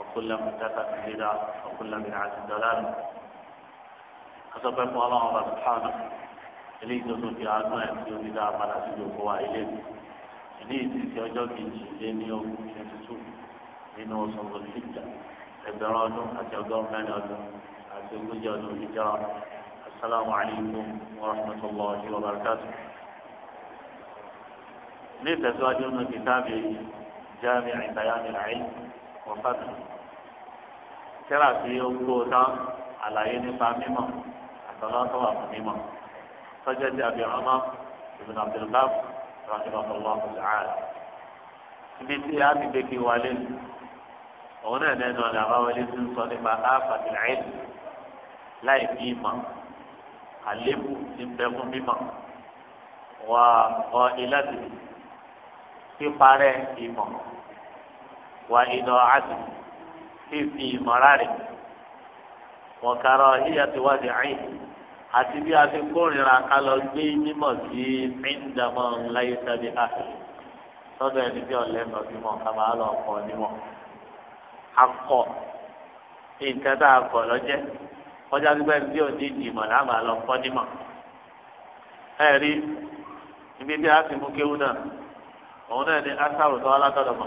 وكل مبتدع بدعة وكل بدعة ضلالة أصبحت الله الله سبحانه إلي جنو في عالم يكتب بدعة فلا تجو هو إليه إلي تلك أجل في جنسين يوم كنسسو من وصل الحجة إبراج أتعقر من أجل أتعقر جنو الحجرة السلام عليكم ورحمة الله وبركاته ليس سواجون كتاب جامع بيان العلم kọ̀ǹpátì tíra tí ó kúrò tán àlàyé nípa mímọ̀ àtọ́lọ́tọ́ wà fún mímọ̀ tọ́jọ́ ti àbí ọmọ ibn abdulbab rahimahullah ta'ala ibi tí a ti gbé wálé òun náà lẹ́nu ọ̀nà àbáwọlé ti ń sọ nípa áfàtì láìl láì fi ìmọ̀ àléébù ti ń bẹ fún mímọ̀ wà ọ ilá ti píparẹ́ ìmọ̀. wà iná àti fífi ìmọ̀ra rẹ̀ wọ́n kára yíyá ti wá di àyìn àti bi a ti kórìíra ká lọ gbé mímọ̀ sí ẹ̀ńdàmọ́ ńláyé sábẹ́ àfẹ́ lọ́dọ̀ ẹni bí ọ̀lẹ́mọ̀ bímọ ká máa lọ kọ́ a kọjá gbígbẹ́ bí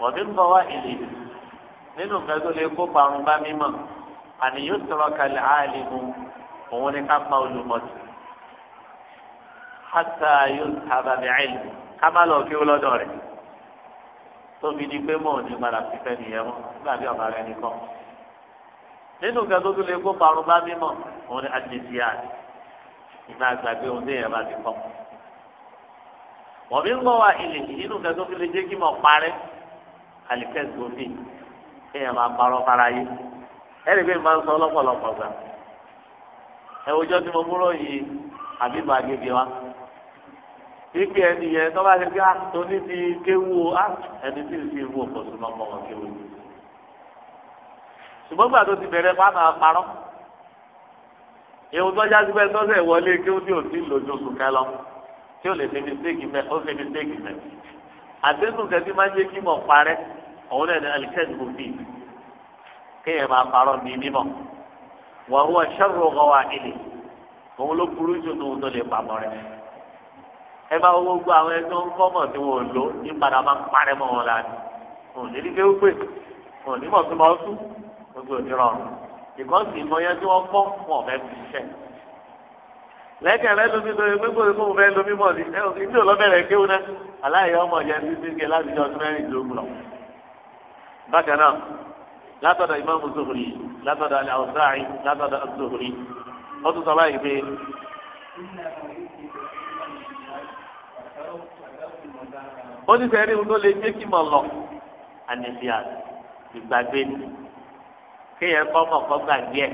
wọ́n bọ̀ wá ìlì nínú nǹkan tó lè kó parun bá mímọ̀ àní yóò sọ̀rọ̀ kalẹ̀ áàlì mu òun ni ká pa olùmọ̀tì hàtà yóò tàbà ní àìlì ká má lọ kí ó lọ́dọ̀ rẹ̀ tóbi ni pé mọ̀ ní padà fífẹ́ nìyẹn mọ́ nígbà bí ọ̀bà rẹ̀ nìkan nínú nǹkan lè kó parun bá mímọ̀ òun ni àdìsíyà ìgbà àgbàgbé ohun tí èèyàn bá ti kọ́ wọ́n mi ń bọ̀ wá ìlì nínú nǹkan lè jẹ́ kí mọ̀ parẹ́ alikẹ́sì òfin kéèyàn máa parọ́ fara yé ẹ̀rí pé máa ń sọ lọ́pọ̀lọpọ̀ gbà ẹ wojọ́ tí mo múrò yìí àbí bá gègé wa ipe ẹni yẹn tó bá ti gbé àtúní ah, ti kéwu o ah, ẹni tí ì fi wú òpò sí lọ́pọ̀ wọn kéwu yìí ṣùgbọ́n gbà tó ti bẹ̀rẹ̀ fún àmà parọ́ ìwọ tọ́jà síbẹ̀ tọ́sẹ̀ wọlé kí ó ti ò sí lójooṣù kẹlọ tí ó lè fi mistake mẹ ó fi mistake mẹ àtẹnudẹ tí máa ń jẹ kí mọ̀ parẹ́ òun náà ní alikẹ́sìkò fi kéèyàn máa parọ́ ní mímọ́ wọ́n wọ́n ṣẹ́rù ọkọ̀ wa ilé òun ló burú jù tó tó lè pamọ́ rẹ̀ ẹ bá wọ́n gbọ́ àwọn ẹni tó ń kọ́mọ̀ tí wọ́n lò ní padà máa ń parẹ́ mọ́ wọn láti òun ní ní kéwú pé òun ní mọ̀ tó máa tú gbogbo òní rọrùn ìkọ́sì ìmọ̀ yẹn tí wọ́n kọ́ wọn fẹ́ fi ṣẹ́ lẹ́kẹ̀ẹ́ rẹ lómi lórí gbogbo ìfún òun fẹ́ lómi mọ̀ ní ilé òlọ́bẹ̀rẹ̀ kéwú náà aláìyá ọmọ yẹn ti ti gé láti ọdún mẹ́rin lógún lọ bákan náà látọ̀dọ̀ ìmáàmù zuhuri látọ̀dọ̀ alẹ́ ọ̀sáì látọ̀dọ̀ zuhuri ó tún sọ báyìí pé. ó ní sẹ́yìn ní tó lè jẹ́ kí mọ̀ lọ ànìbíà ìgbàgbé ni kéèyàn kọ́ mọ̀ kọ́ gbàgbé ẹ̀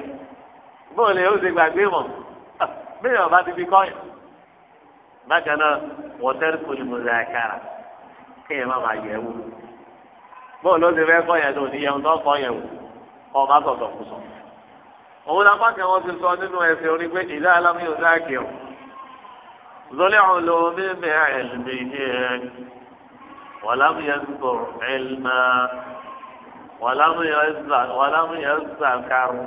bóò lè ó ṣe gbàgbé mọ̀ bẹ́ẹ̀ ọba ti fi kọ́ yẹn bákan náà kò ní mo ṣe àkàrà kéèyàn má máa yẹ̀ wò bóun ló ti fẹ́ kọ́ yẹn tó ní yẹn tó kọ́ yẹn wò kọ́ ọ bá sọ̀tọ̀ kù sọ. òun la bá kẹwọn ti sọ nínú ẹsẹ̀ orí pé ìlà alámi ò sá kí o. zọlẹ́ àwọn olómi mi ẹ̀lmì yẹn wàlámù yẹn sọ ẹ̀lmà wàlámù yẹn sàkàrù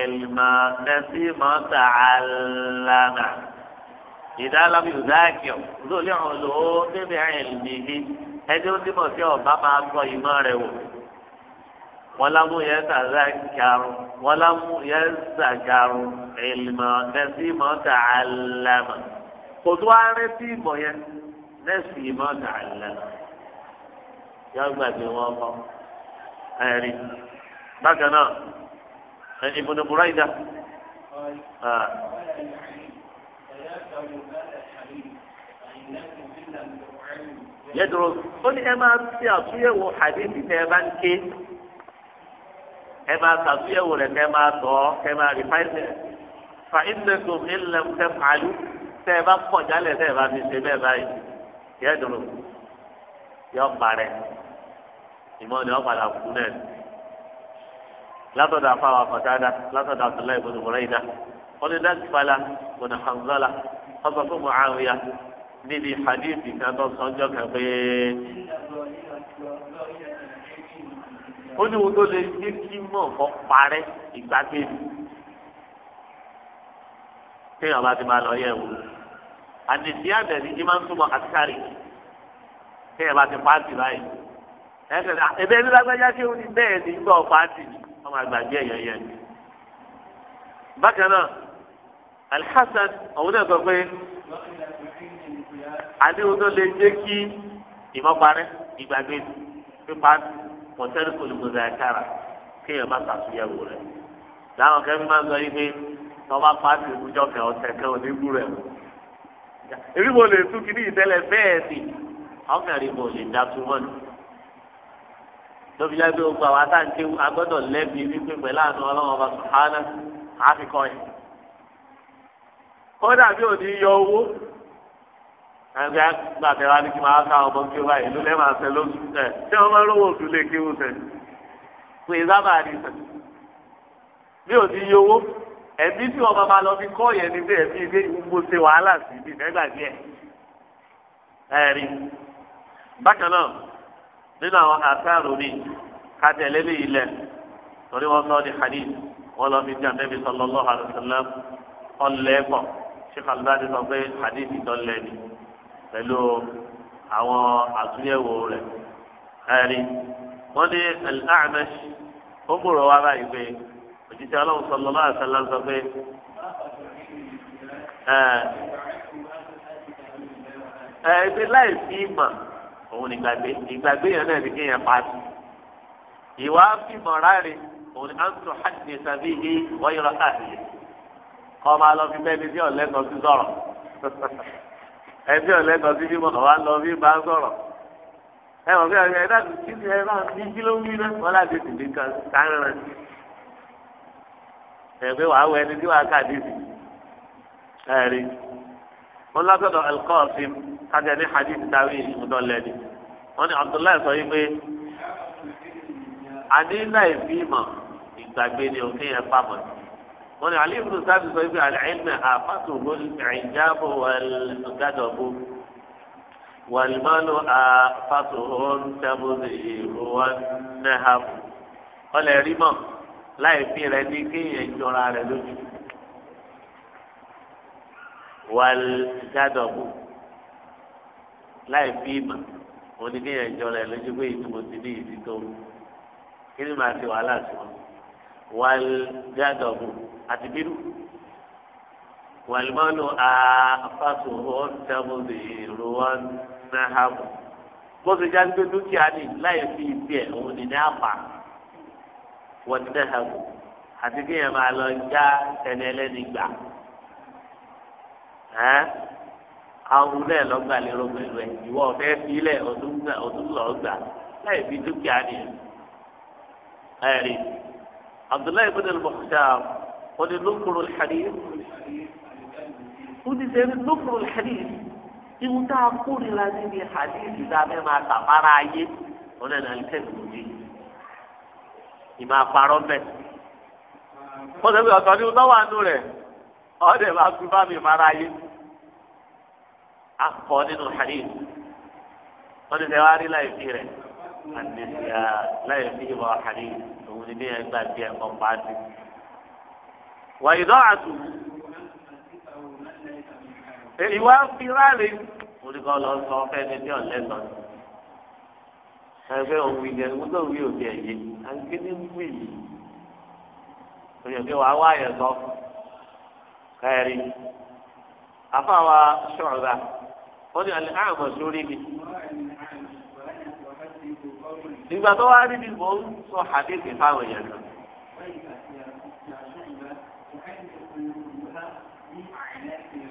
ẹ̀lmà ẹ̀sì mọ́tà àlànà ìdá alámi ò sá kí o. zọlẹ́ àwọn olómi mi ẹ̀lmì yẹn ẹni ó dìbò sí ọba máa gbọ́ ìmọ̀ rẹ̀ wò wọn lámú yẹn sàgá karùn wọn lámú yẹn sàgàrùn ìlmọ̀ nẹ́sì mọ́ tà á lẹ́mọ̀ kò tó wá rétí ìmọ̀ yẹn nẹ́sì mọ́ tà á yọ gbàgbé wọn kọ́ ẹ̀rí bákan náà Ibn Burayda. آه yẹdùrọ ó ní ẹ máa ṣe àtúnyẹ̀wò hadith tẹ ẹ bá ń ké ẹ máa ṣàtúnyẹ̀wò rẹ tẹ ẹ máa tọ ọ tẹ ẹ máa rí fáìsì fa ìdẹ́kùn ilẹ̀ tẹ pàlú tẹ ẹ bá pọ̀ jálẹ̀ tẹ ẹ bá fi ṣe bẹ́ẹ̀ báyìí yẹdùrọ yọ parẹ́ ìmọ̀ ni wọ́n padà kú náà látọ̀dọ̀ afáwà kọ̀tàdà látọ̀dọ̀ àtúnlẹ̀ ìbùdókòrè ìdá wọ́n ní dáàbò fàlà bùnà hànzọ́là ọ̀sán fún níbi hadithi kan tó sọjọ́ kan pé ó ní wo tó lè jẹ́ kí mọ̀ kọ́ parẹ́ ìgbàgbéni kéèyàn bá ti máa lọ yẹ̀ wò àdìsí àdẹ̀sí jí máa ń túbọ̀ kàtíkàrí kéèyàn bá ti pàǹtì báyìí ẹ̀bẹ̀ ní lágbájá kí ó ní bẹ́ẹ̀ ní gbọ́ pàǹtì wọ́n máa gbàgbé ẹ̀yẹ yẹn bákan náà alhassan òun náà sọ pé àdéhùn tó lè jẹ́ kí ìmọ̀parẹ́ ìgbàgbé pípa pọ̀tẹ́rì kòlùmọ̀dà kára kéèyàn má ṣàtúnyẹ̀wò rẹ̀ láwọn kẹ́mi máa ń sọ yí pé tọ́ba pàṣẹ ìbújọ́ kẹ ọ̀sẹ̀ kẹ onígbù rẹ̀ èmi mo lè tún kíní ìtẹ́lẹ̀ bẹ́ẹ̀ sì ọkùnrin mo lè dá túmọ̀ ní. lóbi jáde gbogbo àwọn atáǹkì agbọ́dọ̀ lẹ́bi wípé pẹ̀lú àánú ọlọ́wọ́n bá sùn hánà àfikọ́ yẹn. kódà bí òní yọ owó àti àgbàtẹ wa ni kí máa ká ọmọ kí ó báyìí ló lẹ́ẹ̀ máa sẹ lóṣù tẹ̀ ṣé wọ́n máa rówó òdùlé kí ó sẹ̀ pé sábà ní sẹ̀ bí ò ti yí owó ẹ̀mí tí wọ́n máa lọ fi kọ́ yẹn ní bẹ́ẹ̀ bí ilé mo ṣe wàhálà sí ibi nígbà díẹ̀ ẹ̀rí bákan náà nínú àwọn àtàrò mi kàtẹ́lẹ́ ní ilẹ̀ torí wọ́n sọ ní hadith wọ́n lọ fi jẹ́ àbẹ́bí sallallahu alaihi wasallam ọ̀lẹ́kọ̀ọ́ kàlùbá ti sọ pé hadith ìdánlẹ́ni. pẹ̀lú àwọn àtúnyẹ̀wò rẹ̀ ẹ̀rí wọ́n ní al-A'mash ó gbòòrò wá báyìí pé òjijì ọlọ́run sọlọ náà sọlá sọ pé ẹ ẹbí láì sí ìmọ̀ òun ní gbàgbé ìgbàgbé yẹn náà ní kéèyàn pàṣẹ ìwà fíìmọ̀ ráre òun ni àǹtò o gburo sàbí ìhí wọ́n so káàkiri kọ́ máa e lọ fi bẹ́ẹ̀ ni bí fimo rare oun ni anto haji sabi sí sọ̀rọ̀. ọ̀lẹ́ ẹbí ọ̀lẹ́kọ̀ọ́ sí bímọ ọ̀wá lọ bí bá sọ̀rọ̀ ẹ wọ́n fi ọ̀gá ẹ̀dá kí ni ẹ bá ní kí ló ń wí náà wọ́n láti tìlé kan sáárẹ̀ ẹ pé wàá wọ ẹni tí wàá kà sí ẹ rí wọn látọ̀dọ̀ alqasim kájà ní hadith táwí ìmúdọ́lẹ́ni wọn ni abdullahi sọ yìí pé àdínláì bímọ ìgbàgbé ni òfin yẹn pamọ́ sí wọn ni ali ibùdó sábì sọ ibi àlẹ́ẹ̀mẹ àfàtúwò ìjábọ̀ wàlúgàdọ̀bù wàlúmọ́lù àfàtúwò ntẹ́bùdì ìrùwọ́nẹ́hàbù ọlẹ́ rí mọ̀ láì fi rẹ ní kéèyàn jọra rẹ lójú wàlúgàdọ̀bù láì fi ìmọ̀ wọn ni kéèyàn jọra rẹ lójú pé ìtumọ̀ ti ní ìdí tó kí ni màá ti wàhálà sí wọn wàlúgàdọ̀bù àti bírú wàlúmọ́nù àfàtò ọ̀dàmọ́dé ìrọ̀wọ́n náà hàbù bó ṣe já gbé dúkìá ní láyé fi ìdí ẹ̀ òun ní ní àpà wọ́n náà hàbù àti kí yẹn máa lọ já ẹni ẹlẹ́ni gbà àwọn náà lọ́gbà lérò pẹ̀lú ẹ̀ ìwọ ọ̀fẹ́ sílẹ̀ ọdún lọ́gbà láyé fi dúkìá ní ẹ̀rí Abdullahi ibn al-Mukhtar wọ́n ní lókùrù hadith wọ́n ti sẹ́ni lókùrù hadith iwu tá a kórìíra níbi hadith tá a fẹ́ máa tàbára ayé wọ́n náà nàá lẹ́sẹ̀ tó yé ìmọ̀ àparọ́ bẹ́ẹ̀. wọ́n sọ pé ọ̀sán ní ọwọ́ àánú rẹ̀ ọ̀dẹ̀ máa kú bá mi mara ayé akọ nínú hadith wọ́n ti sẹ́wọ́n á rí láì fi rẹ̀ àti láì fi ìwọ̀ hadith òun ni bí ẹgbàá bí ẹ̀kọ́ pàdé wà ìdọ́ àtù ìwà fìlàlì olùkọ́ lọ sọ fẹ́ni ní ọ̀lẹ́sọ̀ ẹgbẹ́ òwì yẹn wọ́n náà wí òbí ẹ̀yẹ àgbẹ̀ ní wí yìí òyìnbí wàá wá yẹn sọ kẹrin afáwa ṣọ̀ra ó ní alẹ́ àmọ̀ sórí mi ìgbà tó wá rí mi mò ń sọ àdéhùn fáwọn èèyàn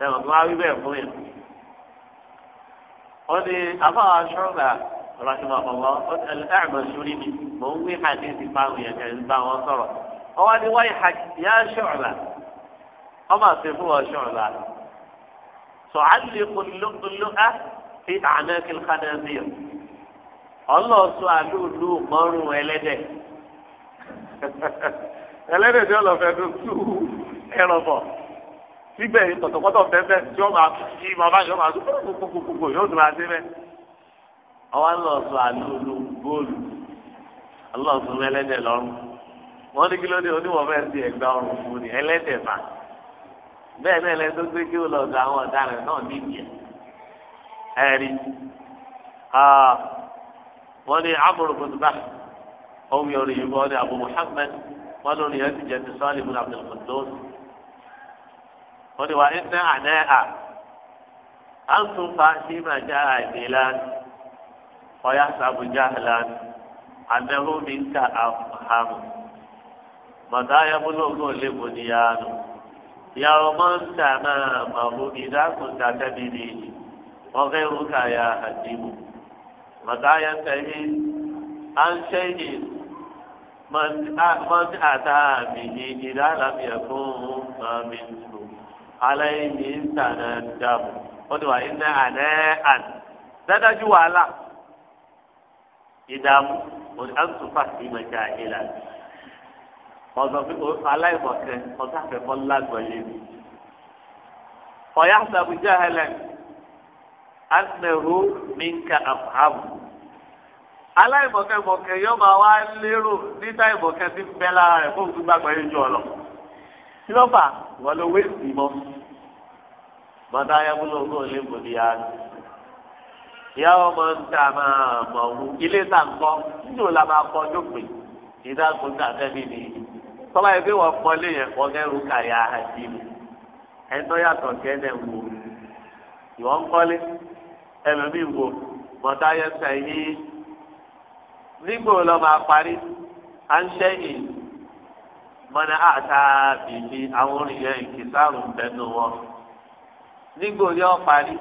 sẹ́wọ̀n tó wá wí bẹ́ẹ̀ fún yẹn. ó ní afáwọn aṣọ́gbà rọ̀ṣùmọ̀ ọ̀gbọ̀n ó ti ẹ̀lẹ́ ẹ̀gbọ́n sórí mi mò ń wí hadithi báwọn yẹn kẹ́ ń bá wọn sọ̀rọ̀. ó wá ní wáyé hadithi yá aṣọ́gbà ó máa ṣe fún aṣọ́gbà. sọ̀hálìkùn lókùnlókà fi ànákìl khanazir ọlọ́ọ̀sọ àlùlù mọ́rùn ẹlẹ́dẹ̀ ẹlẹ́dẹ̀ tí ọlọ́fẹ́ tó tú ẹrọ̀bọ̀ síbẹ̀ kọ̀tọ̀kọ̀tọ̀ bẹ́ẹ̀ tí wọ́n máa kí màmá yóò máa tó kókókókó yóò tó máa débẹ̀. ọwọ́ lọ́ọ̀sọ àlóòlù góòlù ọlọ́ọ̀sọ ẹlẹ́dẹ̀ lọ́rùn wọ́n ní kí ló dé oníwọ̀n fẹ́ẹ́ ti ẹ̀gbá ọrùn fún ni ẹlẹ́dẹ̀ fà bẹ́ẹ̀ náà ẹlẹ́dẹ̀ tó gbé kí ó lọ́ọ̀dọ̀ àwọn ọ̀daràn náà nídìí ẹ̀rí wọ́n ní amúrò kùtùbà ọ̀hún yọrọ yìí wọ́n muhammed wọ́n lórí ẹ̀ ti jẹ́ ti sọ́ọ́lì ibùdó abdulkudus wọ́n ti wá ẹ̀ńtà àná à á ń tún fa sí màjá àìdílá ọ̀yá sàbùjá lánà àmẹ́hó mi ń ta àmù màtá ayébúlógún ò lè bò níyàánu ìyàwó máa ń tà náà màbò ìdákùntà tẹ́bi nìyí wọ́n fẹ́ rúkà yà àdìmù màtá ayẹ́ntẹ́yé à ń ṣẹ́yìn. من أ... من أتى به إذا aláìní ń tànà dàbò ó ti wà iná àná àn dádájú wàhálà ìdààmú òní àtúntà sí ìmọ̀jà ìlà ọ̀sán aláìmọ̀kẹ́ ọ̀sán àfẹ́fọ́ lágbọ̀ọ́yé mi ọ̀yá sàbùjá hẹlẹ́ni anahu minka afhamu aláìmọ̀kẹ́mọ̀kẹ́ yóò máa wá lérò níta ìmọ̀kẹ́ ti ń bẹ́ lára fún òkú gbàgbọ́ yín jù lọ kí ló fà wọn ló wé sí mọ mọta ayábúlógún ò lè bòdì ya ìyá ọmọ ń tà máa mọ òun ilé tà ń kọ níjò la máa kọ lópin ìdáàkún tà fẹmi ni tọ́lá yìí pé wọ́n pọ́n lé yẹn wọ́n kẹ́rù kàyà àti mi ẹni yàtọ̀ kẹ́lẹ̀ wò ìwọ́n ń kọ́lé ẹlòmíì wò mọta ayẹsẹ yìí nígbò lọ máa parí à ń ṣẹ́yìn mọ́nà àtà bìbí àwọn oníyẹn ìkìtàrùn bẹ́nu wọn. nígbò yóò parí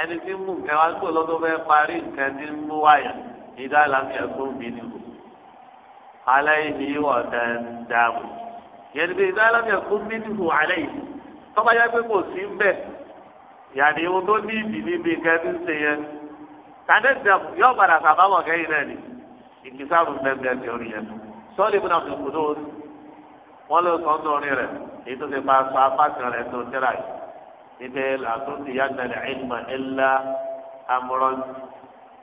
ẹni tí ń mú nǹkan wá nígbò lọ́dún fẹ́ parí nǹkan tí ń mú wáyà ìdá làmì ẹ̀kún mi ni o. alẹ́ yìí wọ̀ dáadáa yẹn bí ìdá làmì mi ni o alẹ́ yìí tọ́ba yá pé kò sí mbẹ́ yàtì ohun tó ní ìbí níbi nǹkan tí ń ṣe yẹn tàdé dàm padà sàbámọ̀ kẹ́yìn náà ni ìkìtàrùn bẹ́ẹ̀ bẹ́ẹ̀ wọ́n lè sọ ọdún orin rẹ̀ èyí tó ti máa sọ apákan rẹ̀ tó tẹ́ra yìí níbẹ̀ làtún ti yá nàlẹ́ ẹ̀dùnmọ̀ ẹ̀lá amúrọ̀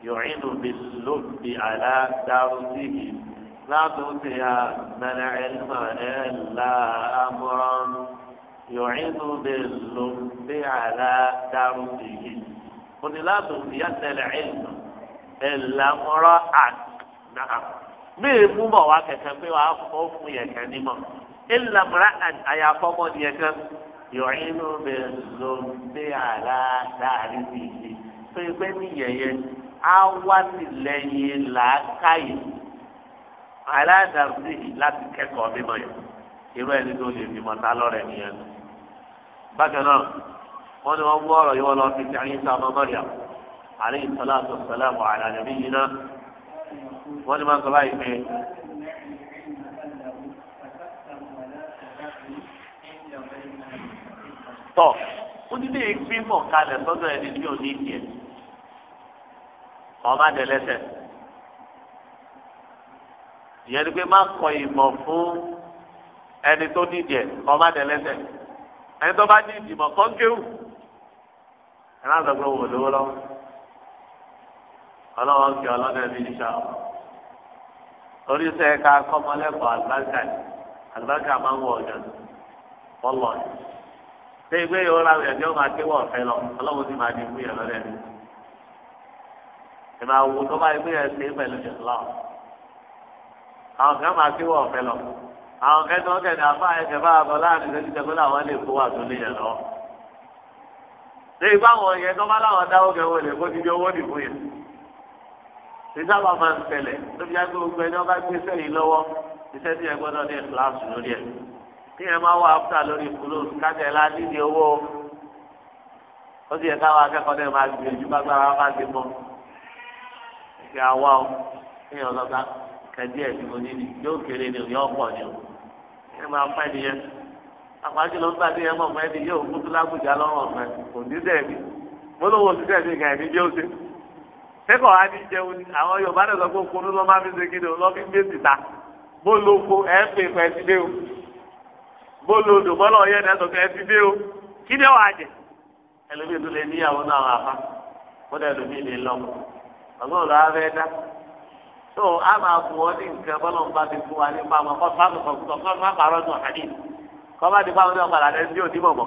yòóyìnbó bi lóbi àlá dáró síbi látún ti yá nàlẹ́ ẹ̀dùnmọ̀ ẹ̀lá amúrọ̀ yòóyìnbó bi lóbi àlá dáró síbi òní látún ti yá nàlẹ́ ẹ̀dùnmọ̀ ẹ̀lá amúrọ̀ àná. bí èèmú bọ̀ wá pé wàá fọ́ fún yẹ̀kẹ́ nímọ̀ ilà mura àyàfọ́ mọ́ ni ẹ̀kan yọ̀ọ́yìnú mi ló ń gbé àlá dáàrí sí i pé pé nìyẹn yẹn á wá tìlẹ́yìn làákàyè àlá dáàrí sí i láti kẹ́kọ̀ọ́ mímọ́ yẹn irú ẹni tó lè fi mọ̀tá lọ́rẹ̀ nìyẹn bákan náà wọ́n ní wọ́n mú ọ̀rọ̀ yìí wọ́n lọ fi ti àyín sá ọmọ mọ́ríà àlẹ́ ìsọlá àtọ̀sọ̀lá àmọ̀ àlàyé mi yìí náà wọ́n ní wọ́n sọ báyìí pé. tọ̀ ó ní bẹ́ẹ̀ gbé mọ̀ kalẹ̀ sọ́dọ̀ ẹni tí ò ní ìdíyẹ ọba dẹlẹsẹ ìyẹn ni pé má kọ ìmọ̀ fún ẹni tó ní ìdíyẹ ọba dẹlẹsẹ ẹni tó bá ní ìdìmọ̀ kọ́ńkéwù ẹ má sọ pé wò lówó lọ ọlọ́wọ́ kí ọlọ́dẹ bí níṣà ọ torí sẹ́ka kọ́mọlẹ́kọ̀ọ́ àlùbáríkà àlùbáríkà máa ń wọ ọ̀jọ̀ fọlọ́ọ̀ni ṣé ìgbé yòó ra rẹ̀ jọ́ máa kéwọ́ ọ̀fẹ́ lọ ọlọ́run sì máa di fún yẹn lọ́lẹ́ ni. ìmọ̀ àwò tó bá ìgbé yẹn ṣe pẹ̀lú Islam àwọn kan máa kéwọ́ ọ̀fẹ́ lọ àwọn kan tó afá ẹsẹ̀ bá bọ̀ láàrin ṣe títẹ̀ pẹ́lú àwọn lè kó wà yẹn lọ. ṣé ìgbà wọn yẹn tó bá láwọn dáwọ́ kẹ wọlé kó ti kí ẹ máa wá áfúta lórí kúlóòsù kájẹ la nídìí owó ó sì yẹ káwọn akẹ́kọ̀ọ́ náà máa gbìyànjú bá gbára bá ti mọ ìgbà wa o kí ẹ lọ́gbà kẹ́dí ẹ̀ tí mo ní ni yóò kéré ni yóò pọ̀ ni o kí ẹ máa pẹ́ nìyẹn àpájù ló ń gbàdé ẹ mọ̀ mẹ́ni yóò kútu lágbèjà lọ́rùn ọ̀fẹ́ kò ní sẹ́ẹ̀mí mo lówó sí sẹ́ẹ̀mí kan ẹ̀mí bí ó ṣe kẹ́kọ̀ọ́ á ní jẹun ni àwọn Yorùbá náà sọ pé okun ló máa fi ṣe kí ni o lọ́ fi gbé síta bó lóko ẹ̀ ń pè pẹ́ sílé o. bó lo ya bọ́lá ọ̀yẹ́ ní ẹ̀sọ́ kẹ́ẹ́ fi dé o kí ni wàá jẹ ẹlòmíì tó lè níyàwó náà wà kó lọ ọgbọ́n ọ̀rọ̀ abẹ́ dá tó a máa ọ ní nǹkan ti fún wa nípa àwọn kọ́ kọ́ kọ́ bá ti bọ̀bọ̀ gbogbo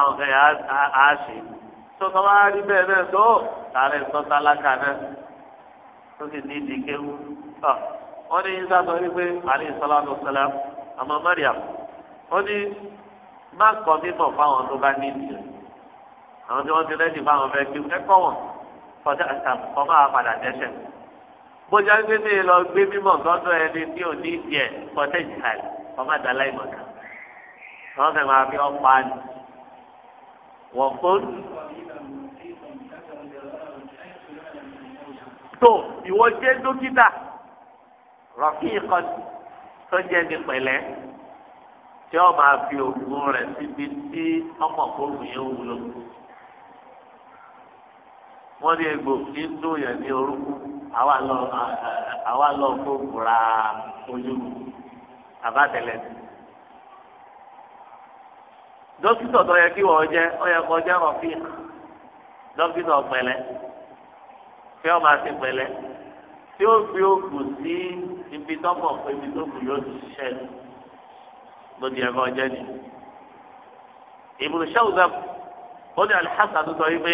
àwọn kan yà á ṣe tó kọ́ bá rí bẹ́ẹ̀ bẹ́ẹ̀ tó tààrẹ̀ tó tálákà náà tó sì ní ìdíkéwu wọ́n ní sátọ́ wípé àlè sọ́lá tó ọmọ Mariam ó ní má kọ mímọ̀ fáwọn tó bá ní ìdí àwọn tí wọ́n ti lẹ́yìn fáwọn fẹ́ kí ẹ̀kọ́ wọn kọjá àtàkọ́ máa padà dẹ́sẹ̀ bójú ẹgbẹ́ mi lọ gbé mímọ̀ sọ́dọ̀ ẹni tí ò ní ìdí ẹ̀ kọjá ìjìnlẹ̀ ọmọ àdàlá ìmọ̀ká wọ́n fẹ́ máa fi ọ̀pá ni wọ́n fún tó ìwọ jẹ́ dókítà rọ̀kì ìkọ́ni tó jẹ́ ní pẹ̀lẹ́ tí ó máa fi òògùn rẹ̀ síbi tí ọmọ òkúrù yẹn wúlò. wọ́n ní egbò kí ń yẹn ní orúkú àwa lọ gbógun ra ojú àbátẹ̀lẹ̀. dókítà tó yẹ kí wọ́n jẹ́ ó yẹ jẹ́ ọ̀fíì dókítà pẹ̀lẹ́ tí ó máa ti pẹ̀lẹ́ tí ó gbé ògùn sí ibi tọ́pọ̀ pé ibi tó kù yóò ṣiṣẹ́ lóde ẹ̀kọ́ jẹ́ ni. Ibn Shawzab ó ní alhassan tó sọ wípé.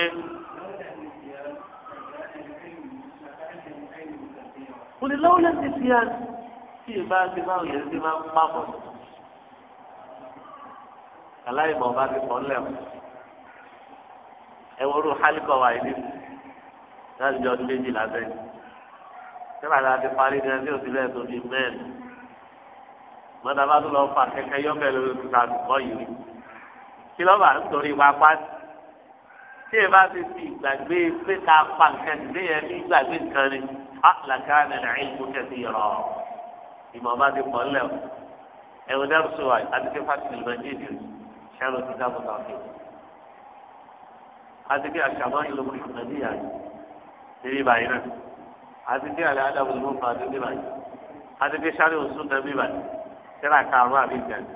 mo ní lọ́wọ́ lẹ́sìn sí i tí ì bá ti máa yẹn ti máa ń pamọ́. aláìmọ̀ bá ti pọ̀ lẹ́wọ̀ ẹ wọ́n rú hálíkọ̀ wáyé nínú láti jọ ọdún méjìlá sẹ́yìn síbà dáa ti parí ní ẹni òsì bẹ́ẹ̀ tó di mẹ́rin mọ́tà bá tó lọ fà kẹ́kẹ́ yọ́bẹ̀ lórí ìtura àdúgbò yìí kí lọ́ba nítorí wa pa tí ẹ bá ti fi ìgbàgbé pé ká pa nǹkan ìdí yẹn ní ìgbàgbé nǹkan ni á làkà nàlẹ́ ìlú kẹsì rọ ìmọ̀ bá ti pọ̀ lẹ̀ ẹ̀wọ̀n dẹ́rù sọ wa àti fásitì lè máa dé ìdí ti dáàbò náà fi àti àṣàmọ́ ìlú mùsùlùmí náà àti bí àlẹ́ adágún ló fà dé níbàyí àti bí sáré òsùn tẹ níbàyí síra karùn-ún àbí ìjẹun.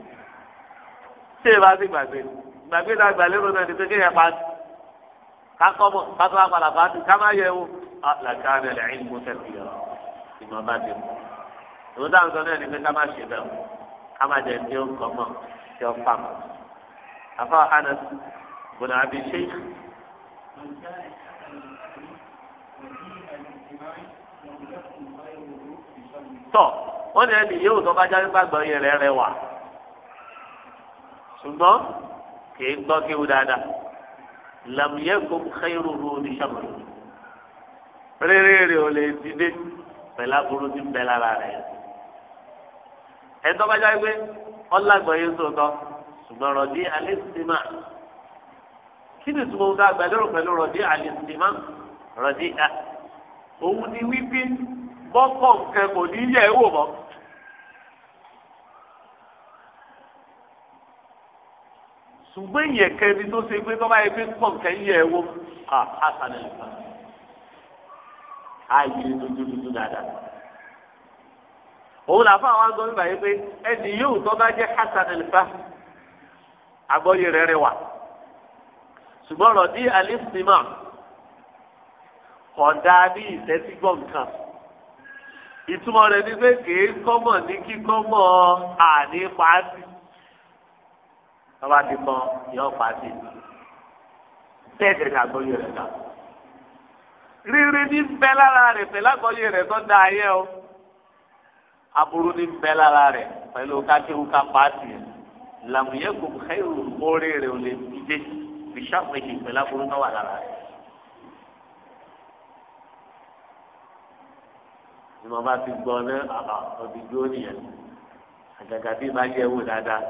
ṣé ìbá ti gbàgbé gbàgbé náà gbàlérò náà ni pé kéèyàn pa kakọ́ mọ̀ kátó apàlà bá ti ká má yẹ wo làkà rẹ̀ lẹ́yìn mú tẹ̀sí yọ ìmọ̀ bá ti mú. ìwé táwọn sọ náà ni pé ká má ṣe bẹ́ẹ̀ ká má jẹ ní ọkọ̀ mọ̀ tí ó fà mọ̀. àfa Anas tọ wọn ní ẹni yóò tó bá jáde gbàgbọ́ yẹn rẹ rẹ wà ṣùgbọ́n kìí gbọ́ kéwù dáadáa làmúyẹ́kùn khayruhu ní sàmù rere rẹ ò lè dìde pẹ̀lú aburú ti bẹ̀ lára rẹ ẹ̀tọ́ bá jáde pé ọlágbọ̀ yẹn sọ̀tọ̀ ṣùgbọ́n rọ̀dí alẹ́ sinimá kí ni tùmọ̀ ń ta àgbàdo pẹ̀lú rọ̀dí alẹ́ sinimá rọ̀dí a òun ni wípé bọ́kọ̀ nǹkan kò ní yẹ̀ wò mọ́. ṣùgbọ́n ìyẹn kẹbi tó ṣe pé tọ́ba yẹ pé pọ̀ nǹkan yẹ̀ wò à àtàlẹ̀ nípa ààyè dúdúdúdú dáadáa. òun làbá àwọn agbọ́n bíbá yìí pé ẹni yóò tọ́ba jẹ́ hasan nípa àgbọ̀yé rẹ̀ rẹ̀ wà. ṣùgbọ́n rọ̀ ní alẹ́ sinimá kọ̀dá ní ìtẹ́sígbọ̀n ìtumọ̀ rẹ̀ ni pé kèé kọ́mọ̀ ní kíkọ́mọ̀ àní pàásì tọ́ba ti kọ́ yọ pàásì tẹ́ẹ̀tẹ̀ kàgbọ́yé rẹ̀ kà rírí ní bẹ́ lára rẹ̀ pẹ̀lú àgbọ́yé rẹ̀ tó da ayé o aburú ní bẹ́ lára rẹ̀ pẹ̀lú kákéwu ká pàásì rẹ̀ làmúyẹ́kùn kẹ́rù mórè rẹ̀ ò lè dìde bìṣàpèjì pẹ̀lú aburú náà wà lára rẹ̀. ni mo bá ti gbọ́ ní àbá ọdún dúró nìyẹn àgàgà bí má jẹ́ wò dáadáa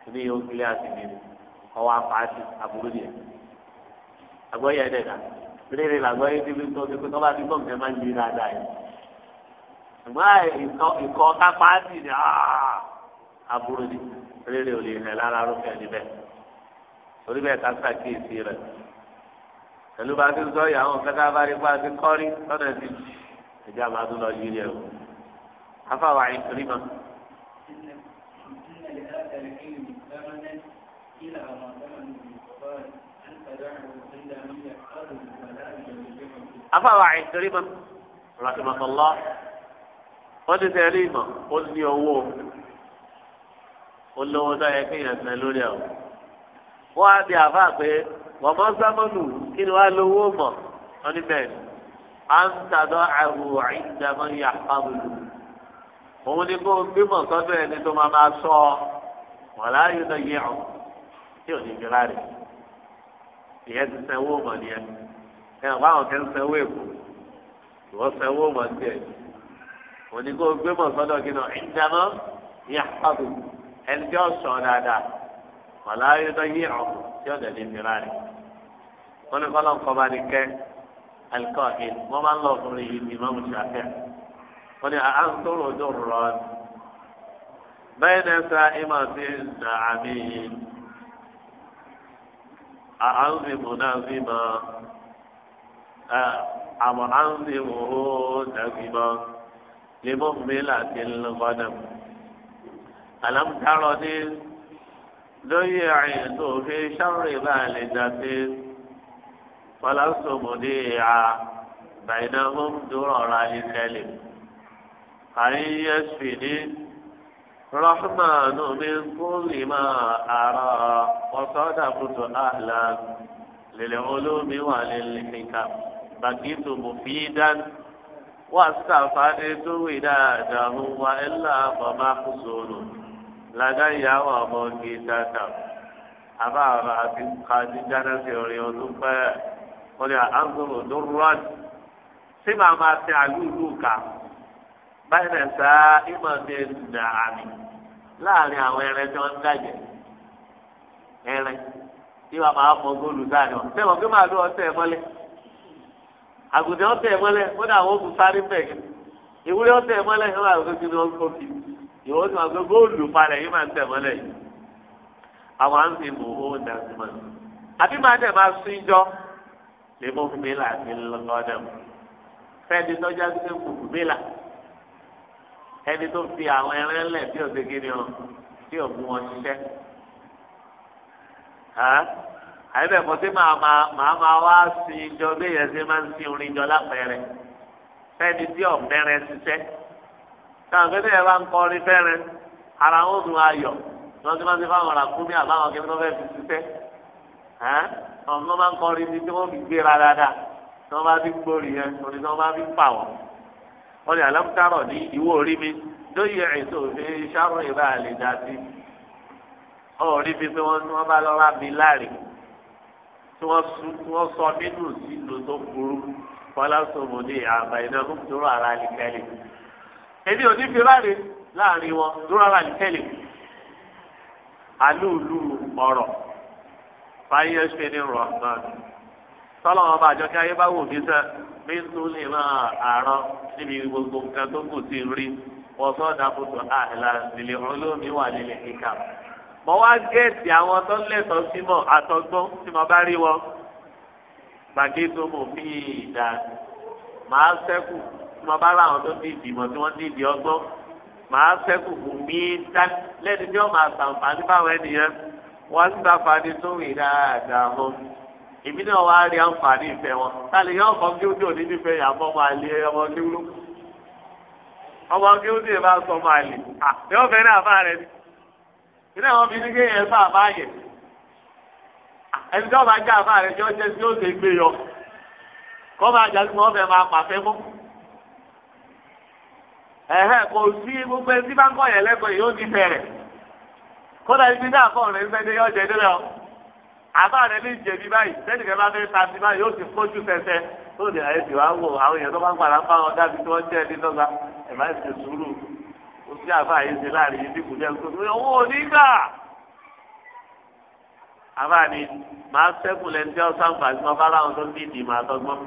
kìíní yóò kílẹ̀ àti mi ọwọ́ apáàtì aburú nìyẹn àgbọ̀yẹ ẹ̀dẹ̀dà rírì làgbọ̀yẹ ti fi tó ti pé tó bá ti gbọ́ nǹkan máa ń yí dáadáa yẹn ṣùgbọ́n ìkọ́ ká pààtì ni aburú ni rírì ò lè rìn lára rúfẹ́ níbẹ̀ torí bẹ́ẹ̀ ká sàkíyèsí rẹ̀ pẹ̀lú bá ti sọ ìyàwó kẹ́kẹ́ bá rí bá ti kọ́rí lọ́nà ti ẹjẹ amadu lọ yí rẹ o afa wa ìkiri ma. afa wa ìkiri ma rahmatulah wọ́n ti tẹ̀lé ìmọ̀ ó ní owó olówó tó yẹ kéèyàn tẹ̀ lórí ẹ̀ wọ́n á di àfa pé wọ́n mọ́ sámọ́nù kí ni wọ́n á lówó mọ̀ ọ́ àǹtàdọ́ àwò àìdàmọ́ yà pàbùlù. òun ni kó gbímọ̀ sọ́dọ̀ ẹni tó máa máa sọ ọ wọ́n láàyè náà yẹ ọ́ tí ò ní jìlá rẹ̀. ìyẹn ti sanwó mọ̀ ní ẹ. ẹ ọ̀ báwọn kẹ́ ń sanwó èkó ìwọ sanwó mọ̀ sí ẹ. òun ni kó gbímọ̀ sọ́dọ̀ kí náà àìdàmọ́ yà pàbùlù. ẹni tí ó sọ dáadáa wọ́n láàyè náà yẹ ọ́ tí ò ní jìlá rẹ̀. wọ́n ní kọ́ alikọ́ọ̀hìn wọ́n máa ń lọ ọkùnrin yìí ní ìmọ̀mù ṣàfẹ́ wọ́n ní à ń tóró ojú rọ̀ ọ́ bẹ́ẹ̀ náà sá ìmọ̀ sí nà àmì yìí à ń fi mú náà fi mọ́ àmọ́ à ń fi mú ó dàbí mọ́ lèmọ́ mi láti lọ́kọ́ náà àlámùtárọ̀ ní lóye àyè tó fi sáré báyìí dàbí fọlá sọmọdé ya bàyìnà hóm dúró ra ìkẹlẹ àyíyẹ sùnì rọhmanu mi kúlì má àrà ọsọdà kutu àhlà lèlè olómi wà lèlè kíkà bàgìtù mùfídàn wà sàfàdé tó wì dáadáa wà ilà bàmà kùsùnù làdáyà wà mọ gíga kà àbá àbá àti kàdí jáde sí orin ọdún pẹ́ẹ́ wọ́n ní àgbọ̀rọ̀ lórúurán ṣé màá máa tẹ àlúùlù ká báyìí náà sá ìmọ̀ ní ẹ̀dùnà àmì láàrin àwọn ẹran tí wọ́n ń dàjẹ́ ẹran tí wọ́n máa fọ góòlù sáàrin wọn tẹ́wọ̀n kí màá lọ ọtẹ ẹ mọ́lẹ̀ àgùntàn ọtẹ ẹ mọ́lẹ̀ wọ́n ní àwọn ogun sáré bẹ́ẹ̀ ìwúrẹ́ ọtẹ ẹ mọ́lẹ̀ wọ́n máa gbé ìwọ tí wọn gbé góòlù falẹ̀ yìí máa ń tẹ̀ mọ́lẹ̀ yìí àwọn à ń fi mò ó dàgbà àbí máa tẹ̀ máa sún ìjọ lébó fúbélà àti lọ́dẹ̀m fẹ́ẹ́ni tọ́jà sí kù fúbélà ẹni tó fi àwọn ẹran lẹ̀ tí òde gíní ọ tí òbu wọn ṣiṣẹ́ àyẹ̀bẹ̀ kò sí màá máa wá sí ìjọ bí èèyàn ṣe máa ń sin orin ìjọ lápẹẹrẹ fẹ́ẹ́ni tí ọ̀mẹ́rẹ́ ṣiṣẹ́ táwọn gbẹ́dẹ́ yẹn bá ń kọrin fẹ́rẹ́ ara wọn dùn ayọ̀ lọ́sibọ́sibọ́ àwọn ọ̀rà kúmi àbáwọn kí wọ́n fẹ́ fi ṣiṣẹ́ àwọn tó máa ń kọrin ní tí wọ́n fi gbéra dáadáa tí wọ́n bá fi gbórí yẹn orin tí wọ́n bá fi pa wọ́n. wọ́n ní alámútárọ̀ ní ìwọ orí mi lóye ètò òfin sáárọ̀ ìbá lè dá sí. orí mi pé wọ́n bá lọ́ wá mi láre tí wọ́n sọ nínú sílò tó burú fọlá sọmọ ní àbá iná fún dúró ara nìkẹ́lẹ̀. èmi ò ní fi láre láàrin wọn dúró ara nìkẹ́lẹ̀. alúùlù ọ̀rọ̀ fàyè ṣe ní rọ̀ọ̀tàn tọ́lọ̀ wọn bá àjọkẹ́ ayé bá wò mí sẹ́ mí tún lè máa àárọ̀ níbi gbogbo nǹkan tó kù sí rí wọ́n sọ́ọ̀dà kùtù àìlà ah, ìlẹ̀ olómi wà nílẹ̀ kíkà mo wá gẹ̀ẹ́sì àwọn tó lẹ́tọ̀ọ́ sí mọ̀ àtọ́gbọ́n tí mo bá rí wọn gbàgede mo fi ìdá màá sẹ́kù tí mo bá láwọn tó ní ìdìmọ̀ tí wọ́n ní ìdí ọgbọ́n màá sẹ́kù kù mí dá lẹ́ni tí wọ́n máa sàǹfààní wọ́n ń tó wì dáadáa mọ́ èmi náà wá rí àǹfààní ìfẹ́ wọn táàlì yóò kọ́ kí ó dé òní nífẹ̀ẹ́ yà fọ́ máa lé ọmọ kí ó ọmọ kí ó dé bá sọ máa lè à yóò fẹ́ náà fà rẹ ni ìdá wọn fi ní kí ẹ fà bá yẹ ẹni tó bá já fà rẹ tí ó jẹ tí ó gbé yọ kọ́ máa jà sí wọn fẹ́ máa pàfẹ́ mọ́ ẹ̀hẹ́ kò sí gbogbo ẹni tí bá ń kọ́ yẹn lẹ́kọ̀ọ́ yóò ti fẹ́ rẹ̀ kódà ibi náà fọ̀ rẹ̀ fẹ́ dé yọ jẹ délẹ̀ o àbá rẹ̀ ní ìjẹ̀bi báyìí sẹ́ni kẹ́ bá ta sí báyìí yóò ti fojú fẹsẹ̀ tó lè ayé ti wá wò àwọn èèyàn tó bá ń padà fún àwọn dábì tí wọ́n jẹ́ ẹni lọ́gba ẹ̀ máa ṣe sùúrù o sí àbá yìí ṣe láàrin yìí dìbò jẹ́ nǹkan tó owó onígbà. àbá ni máa sẹ́kùn lẹ́ni tí wọ́n sáǹfà sí ọba láwọn tó ń bí ìdìmọ̀ àtọ́gbọ́n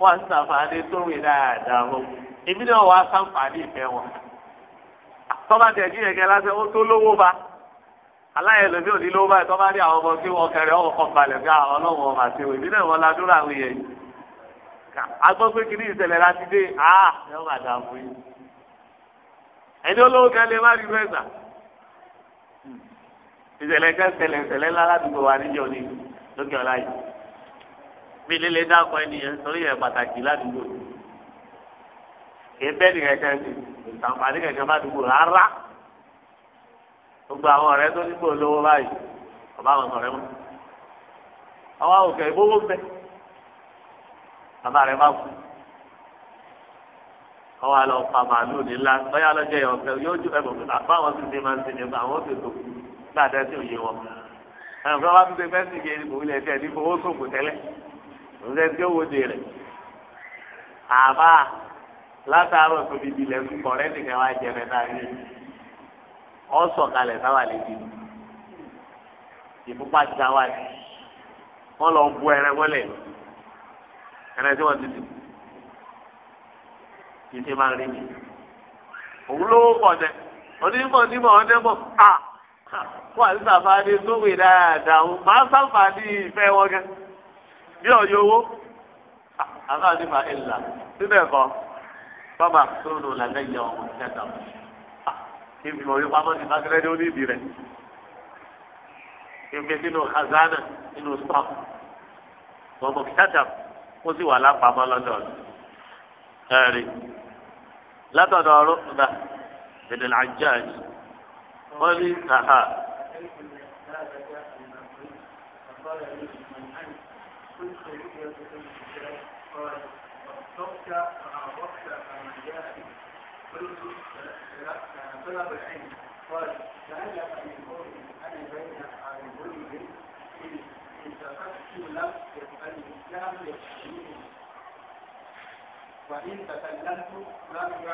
wọ́n á sì sàǹfààní tó rìn dáadáa wọn èmi náà wọ́n á sàǹfààní ìfẹ́ wọn. tọ́ba tẹ̀ kí yẹn kẹ́ lásán ó tó lówó ba aláyẹ lòdì òní ló báyìí tó bá rí àwọn ọmọ tí wọn kẹrẹ ọwọ́ kan balẹ̀ bí àwọn ọlọ́wọ́ ọmọ àti ìwé ìbílẹ̀ wọn la dúró àwọn èèyàn yìí agbọ́ pé kìíní ìṣẹ̀lẹ̀ láti dé àá ẹ ó máa dààmú yìí ẹni olówó kan lè má rí fẹ́ gbà ìṣẹ̀lẹ̀ kan ṣẹlẹ̀ ìṣẹ̀lẹ̀ ńlá ládùúgbò wa níjọ ni lókè ọ̀la yìí mi líle dákọ ẹnìyẹn torí yẹn pàtàkì ládùúgbò gbogbo àwọn ọ̀rẹ́ tó nígbò lówó báyìí ọba àwọn ọ̀rẹ́ mọ́ àwọn àwòkẹ́ ìbówó ń bẹ bàbá rẹ̀ bá kú ọwọ́ àlọ́ pa màálù nílá báyà lọ́jọ́ yẹn ọ̀fẹ́ yóò ju ẹ̀bùn fún àpá àwọn tó ṣe máa ń ṣe nípa àwọn tó tó gbàdá sí òye wọn ẹ̀fọ́ wa tún ṣe fẹ́ sì ṣe ìwúlẹ̀ tẹ̀ ní fowó sòkò tẹ́lẹ̀ òṣè tí ó wo dè rẹ̀ àbá látàárọ̀ tóbi ìbílẹ̀ ń kọ̀ rẹ́ nìkan wá jẹ ọsọ kalẹ̀ sáwà lébi ìfúnpá ti sáwà ni wọn lọ bu ẹrẹ wọlé ẹrẹ tí wọn ti dùn kì í ṣe máa rí mi òun lówó pọ̀ dẹ onímọ̀ onímọ̀ ọdẹ mọ̀ a fún àtúntà fàdé sówè dáadáa o máa sáfàdé ìfẹ́ wọn gẹ bí ọ̀yọ́ owó àtúntà nípa ìlà síbẹ̀ kọ́ bàbá tó lò lálẹ́ yẹ ọmọ ìṣẹ́ta. kí n fi òye pamọ́ sí mákìrẹ́dì oníbi rẹ̀ kí n fi sínú khazana sínú stock gbọ̀ngbọ̀n kìtàtà ó sì wà lápamọ́ lọ́dọ̀ ẹ̀rí látọ̀dọ̀ ọ̀rọ̀ ọ̀dà ìdílé àjáj wọ́n ní àhà. Thank you. طلب العلم قال فهل أن يكون أنا بين عن كل إذا فكت لم الإسلام وإن تكلمت لم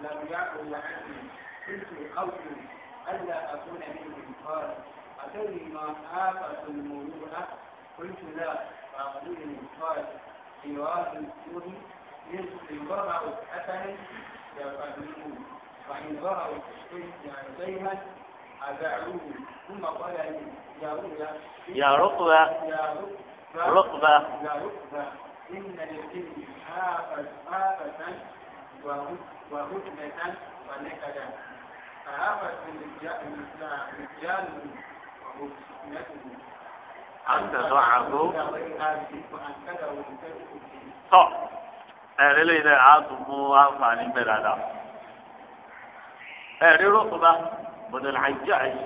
لم يعقل عني قلت أرجو ألا أكون منهم قال أتدري ما آفة المروءة قلت لا فأخبرني قال إيراد السوء يضرع حسنا يفهمون فإن رأوا شيئا أدعوه ثم قال يا رؤيا يا رقبة يا رقبة يا رقبة إن حافظ حافظا وهدنة ونكدا فآفة الرجال وهدنته أن تضعه أن تضعه ẹ̀rí lè dẹ̀ àtúmú àǹfààní bẹ̀ dáadáa. ẹ̀rí rúkúbá bọ̀dọ̀ là ń jẹ́ àyè.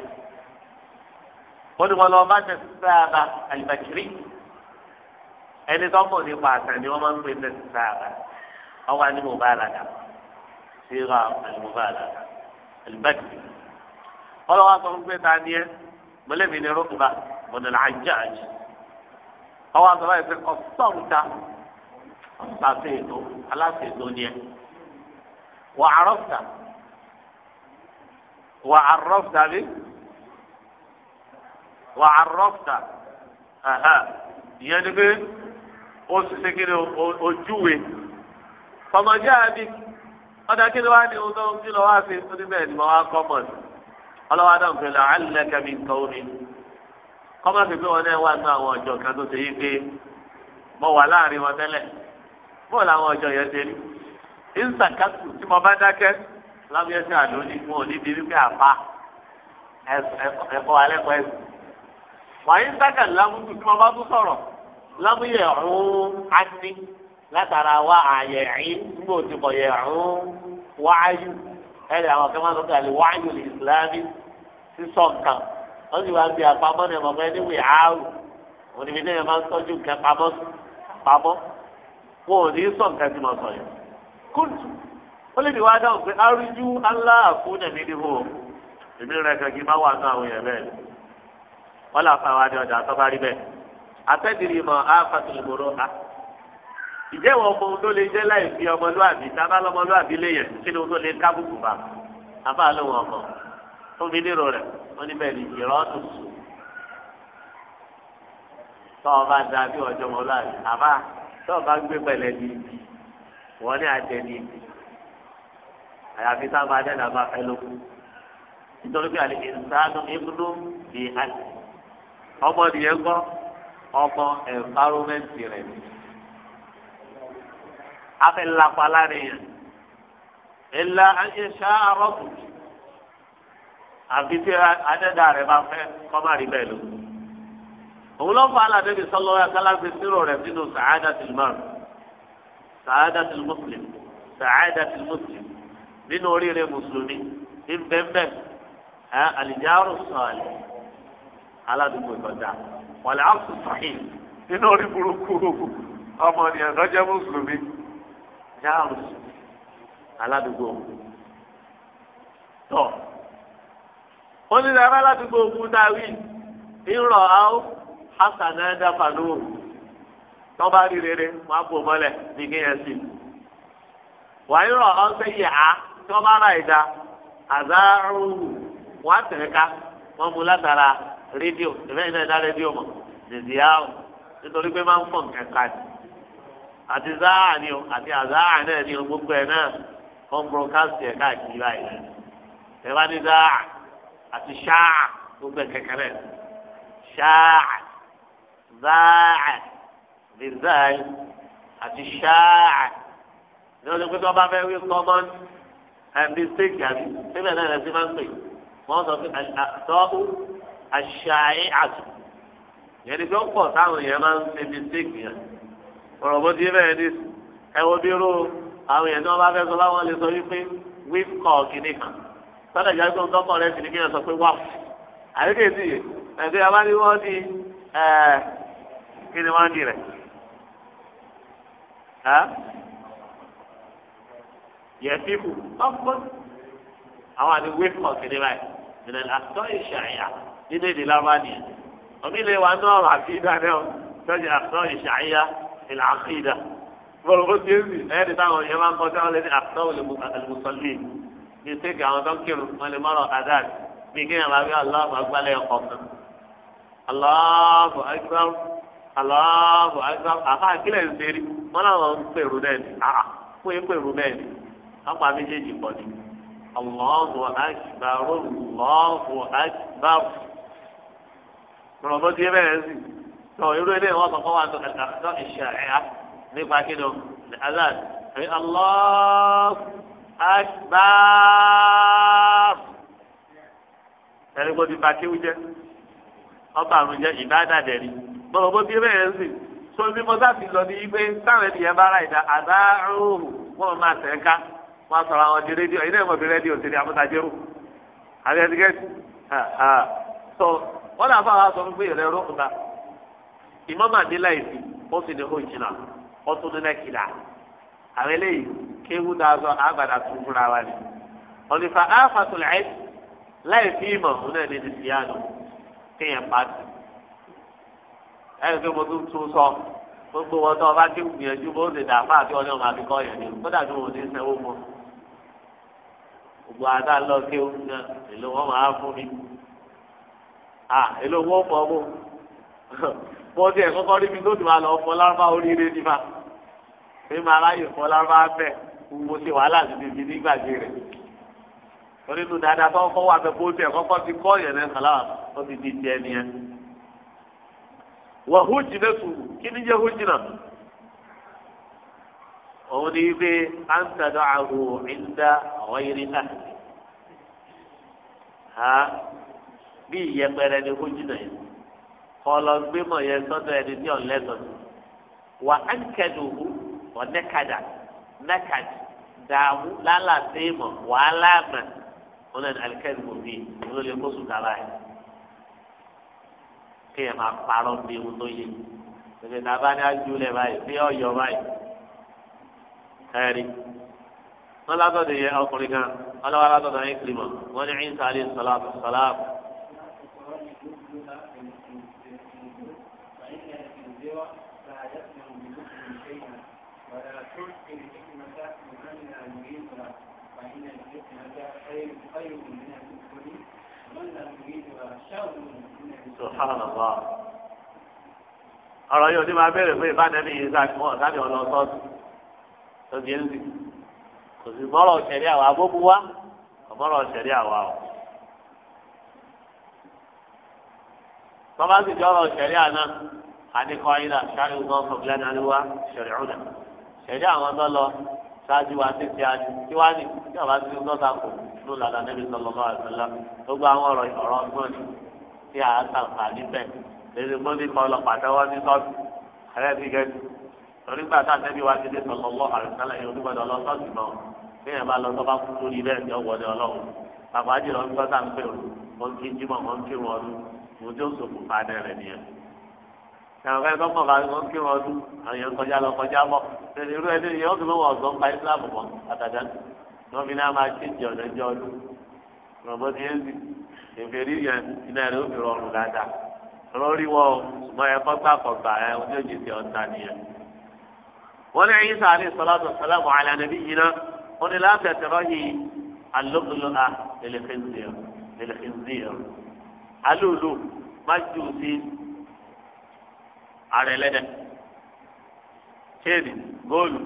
ó ní wọn lọ bá tẹ̀ sáàbà àlùbàkìrì. ẹni tó mọ̀ nípa àtàn ni wọ́n máa ń pè tẹ̀ sáàbà. ọwọ́ ni mo bá a làdà. síra mo bá a làdà. ọlọ́wọ́ sọ fún pé ta ni ẹ mọ̀lẹ́bí ni rúkúbá bọ̀dọ̀ là ń jẹ́ àyè. ọwọ́ àtọ́ pàṣẹ ètò aláṣẹ ètò ni ẹ wà àrọ́fta wà àrọ́fta bí wà àrọ́fta ìyẹn ni pé ó sì ṣe kí ni ojúwe ọmọdé àbí ọdọ kí ni wàá ní ọdọ kí ni wàá fi fún bẹ́ẹ̀ ni mo wá kọ́ mọ̀ ní ọlọ́wọ́ adá nǹkan lọ alẹ́ kẹ́mi nǹkan omi kọ́mọ́ fi pé wọn náà wà ní àwọn ọjọ́ kan tó ṣe yí pé mo wà láàrin wọn tẹ́lẹ̀. bóòlù àwọn ọ yẹn ṣe rí nsàkàtù tí mo bá dákẹ́ lábẹ́ ẹsẹ̀ àdóní mo ò ní bí wípé àpá ẹ̀kọ́ alẹ́ kọ́ ẹ̀sìn. wàyí nsàkà lámúdù tí mo bá tún sọ̀rọ̀ lámúyẹ̀ ọ̀hún ání látara wá àyè ẹ̀yìn nígbà tí kò yẹ ọ̀hún wáyú ẹ̀rẹ̀ àwọn akẹ́kọ̀ọ́ sọ̀tà lè wáyú lè ìsìlámì nǹkan sì wá bí apamọ́ ọmọ wọn ò ní sọ nǹkan tí mo sọ yìí kóòtù ó lè ní wá dáhùn pé arúgbó ńlá àfúnà mi ni hó èmi rẹ kan kí n má wà nù àwọn èèyàn bẹ́ẹ̀ wọn là fáwọn adé ọjà tó bá rí bẹ́ẹ̀ atẹ́dìrì mọ àfàtúnìmọ̀rọ̀ a ìjẹ́ wọn ọmọ tó lè jẹ́ láì fi ọmọlúwàbí tábà lọ́mọlúwàbí léyẹ̀ kí ni wọn tó lè kábùkù bá àbá ló wọn mọ̀ fún mi nírò rẹ̀ wọn ní bẹ́ẹ̀ ni ìrọ́tù sùn tọ́ ọ bá dáa bí ọjọ́ mọ́lúwàbí àbá tó o bá gbé pẹ̀lẹ́ ní ibi wọ́n ní àjẹ ní ibi àyàfi tá a máa dẹ́nà máa fẹ́ lóko nítorí pé àlè ìsánú ibùdó di àlè ọmọ nìyẹn kọ́ ọmọ ẹ̀fárómẹ́ǹtì rẹ̀ ni afẹ́ lakpa lárin yẹn ilà ẹ̀ṣá arọ́bù àfi tí adẹ́dà rẹ̀ máa fẹ́ kọ́ máa lóko òun ló ń fa aládébi sọlọ akálàgbé sírò rẹ nínú sàádà tìlmọ́rù sàádà tìlmùsùlùmí sàádà tìlmùsùlùmí nínú oríire mùsùlùmí ní bẹ́ẹ̀bẹ́ẹ̀ ẹ àlìjáàrú sọ̀ọ̀lì aládùúgbò ìkọjá wàlẹ̀ àkùsù sọ̀hìn nínú orí burúkú ọmọ nìyẹn lọ́jọ́ mùsùlùmí jáàrú aládùúgbò tọ̀ onílẹ̀ aládùúgbò òkúta wí ń rọ̀ hasan náà dáfà lóhùn tó bá rí rere wọn á bò mọ́lẹ̀ ní kéèyàn sí wàá yọrọ ọsẹ yìí á tó bá ra ìdá àzáàrú wọn á tẹ̀ ká wọn mú látara rédíò ìfẹ́ yìí náà dá rédíò mọ̀ dèzì á o nítorí pé máa ń pọ̀ nǹkan ká ni àti záà ni o àti àzáà náà ni o gbogbo ẹ̀ náà wọn broadcast yẹ káàkiri báyìí ẹ bá ní záà àti ṣáà gbogbo ẹ̀ kẹkẹrẹ ṣáà záà bizáì àti ṣáà ní o ti pé tí wọ́n bá fẹ́ wí common and eh, mistake àbí síbẹ̀ náà lẹ́sìn máa ń pè wọ́n sọ pé àtọ́kù àṣàyè àtù yẹn ni pé ó pọ̀ táwọn èèyàn máa ń ṣe mistake yẹn ọ̀rọ̀ bó ti bẹ́ẹ̀ ní ẹ wo bí irú àwọn èèyàn tí wọ́n bá fẹ́ sọ láwọn lè sọ wípé wíp kọ̀ kìnnì kan sọ́dọ̀ ìjà gbọ́n tọ́kọ̀ rẹ̀ sì ni kí wọ́n sọ pé wáf kí ni wọ́n á dì rẹ̀ ha yẹtibu ọkọ àwọn àti wípọ kìnìún báyìí ìrìn àtọ ìṣàyà nínú èdè lábánì omi lè wà ní ọ̀rọ̀ àfihàn náà tọjú àtọ ìṣàyà ìlà àfihàn bọlọbọ tí èzì ẹyẹ ti táwọn yẹn máa ń kọjá lẹni àtọ olùmùsọlì ní sèkè àwọn tó ń kírun wọn lè mọrọ àdáàdì bí kéèyàn máa bí aláàbò agbálẹ ọkọ kan aláàbò agbálẹ. aláàbò àfa àkílẹ̀ ń wọn làwọn ń náà ni fún yín náà ni méjèèjì pọ̀ ni ti irú ilé wọn kọ̀ọ̀kan wà tó ìṣẹ̀ ẹ̀yà nípa kíni aláàbò Allahu akbar ẹni bọ̀rọ̀ bó bí bẹ́ẹ̀ ń sìn so bí mo sáfì lọ ní ipe táwọn ènìyàn bá ra ìdá àdá rúùrù wọn máa tẹ̀ ká wọn sọ̀rọ̀ àwọn di rédíò ilé ìmọ̀ bí rédíò ti di àmútajẹ́rù àbí ẹ̀dígẹ́tì so wọ́n náà fà wá sọ fún ìrẹ́ rúkúta ìmọ̀mọ̀ àdínlá ìsì ó sì ní òjìnà ó tún nílẹ̀ kìlà àwọn eléyìí kéwú dáa sọ àgbàdà tún fúnra wa ni ọ̀nìfà áfàtúlẹ̀ láì fi ìmọ̀ òun náà ní ẹni pé mo tún tún sọ gbogbo wọn tó ọba tí gbìyànjú bó ṣe dà fún àti ọdún ọmọ àbíkọ yẹn ni kó dàbí wọn ò ní sanwó mọ gbogbo àdá lọ sí òun náà èlò wọn máa fún mi à èlò wọn fọ mọ mo ti ẹ kọ́kọ́ níbi tó ti máa lọ fọ lárúbá oríire ní ma mi máa ráyè fọ lárúbá bẹ́ẹ̀ mo ṣe wàhálà títí fi nígbàgbé rẹ torí nu dáadáa tó kọ́ wà bẹ́ẹ̀ bó ti ẹ kọ́kọ́ ti kọ́ yẹn náà kàlá ó ti di tiẹ̀ nìyẹn wà hójìnà tù kí ni jẹ́ hójìnà òun ni wípé à ń tàdọ̀ àhò ìdá àwọn irin náà ha bí ìyẹpẹrẹ ni hójìnà yẹn kọ́ lọ gbé mọ̀ ẹni ní ọ̀lẹ́sọ̀ wà á ń kẹ́dùn wọ́n nẹ́kadà nẹ́kadì dààmú lálàsẹ́ mọ̀ wàhálà mọ̀ wọn lẹ́nu alikẹ́dùn kò wọn lè kó sùn dára yẹn kí ẹ máa parọ́ bí ewu tó yẹ tètè tàbá ní ajúlẹ̀ báyìí bí ọ̀yọ́ báyìí ẹ̀rí wọn látọ̀dọ̀ yẹ ọkùnrin kan wọn lọ́wọ́ látọ̀dọ̀ yẹ kìlìmọ̀ wọn ní ìsà àlẹ́ sọláàbù sọláàbù. فإن الفتنة خير خير من الكفر من لم يريد شر subhanallah ọ̀rọ̀ yóò ti máa bẹ̀rẹ̀ fún ìbánẹ́bí yìí sáà wọn sábẹ́ ọ̀nà ọ̀tọ́ọ̀tù tó di ń sìn kò sì bọ́rọ̀ ṣẹ̀rí àwa gbogbo wa kò bọ́rọ̀ ṣẹ̀rí àwa o. tọ́ba sì ọ̀rọ̀ ṣẹ̀rí àná àdìkọ́ ayélujára ṣáájú gan fọ̀gílẹ́nà lówà ṣẹ̀rí ọ̀nà ṣẹ̀rí àwọn tó lọ ṣáájú wa ti ti adi kí wá ní kí ọba ti ń dọ́ta kù ló làdá níbi sọlọ́mọ́ àìsàn lọ gbogbo àwọn ọ̀rọ̀ ọ̀rọ̀ ọgbọ́n ni tí a sàǹfà níbẹ̀ lórí mọ́lì kan lọ pàtẹ́wọ́ ní sọ́ọ̀tù ẹ̀rẹ́ ti gẹ̀ torí gbà tá àtẹ́bí wa ti dé sọ̀tọ̀ lọ àrùsálà yẹn onígbàdàn lọ sọ́ọ̀tù mọ́ bẹ́ẹ̀ bá lọ sọ́ba kú lórí bẹ́ẹ̀ ni ọ̀wọ́ ni ọlọ́run bàbá jùlọ ń gbọ́ sáà ń pè ó ń kí jímọ̀ ń kí wọn ọdún mo tó sòkò padà rẹ̀ nìyẹn. àwọn ẹgbẹ́ mọ̀ bá ń kí wọn ọdún àwọn èèyàn kọjá lọ kọjá bọ̀ tẹ̀lé irú ẹni yẹn ó fi mọ́ wọ̀ ọ̀gbọ́n pa Islam mọ́ àtàdá lọ́mìnira máa kí ìjọ̀dọ̀ ọdún lọ́bọ̀ tí yẹn sì ìfèrí yẹn iná rẹ̀ ó fi rọrùn dáadáa lórí wọn o ṣùgbọ́n ẹ kọ́ gbà kọ̀gbà ẹ ojú òjì ti ọ̀tá nìyẹn. wọ́n ní ẹ̀yin sàlẹ̀ sọ́láàtọ̀ sàlámù àlẹ́ nàbí yìí ná wọ́n ní láti ẹ̀tẹ̀ rọ́ọ̀yì alóbùlọ́à lẹ́lẹ́kẹ́nzìyàn alóòlù má jù sí àrẹ lẹ́dẹ̀ chéèdì góòlù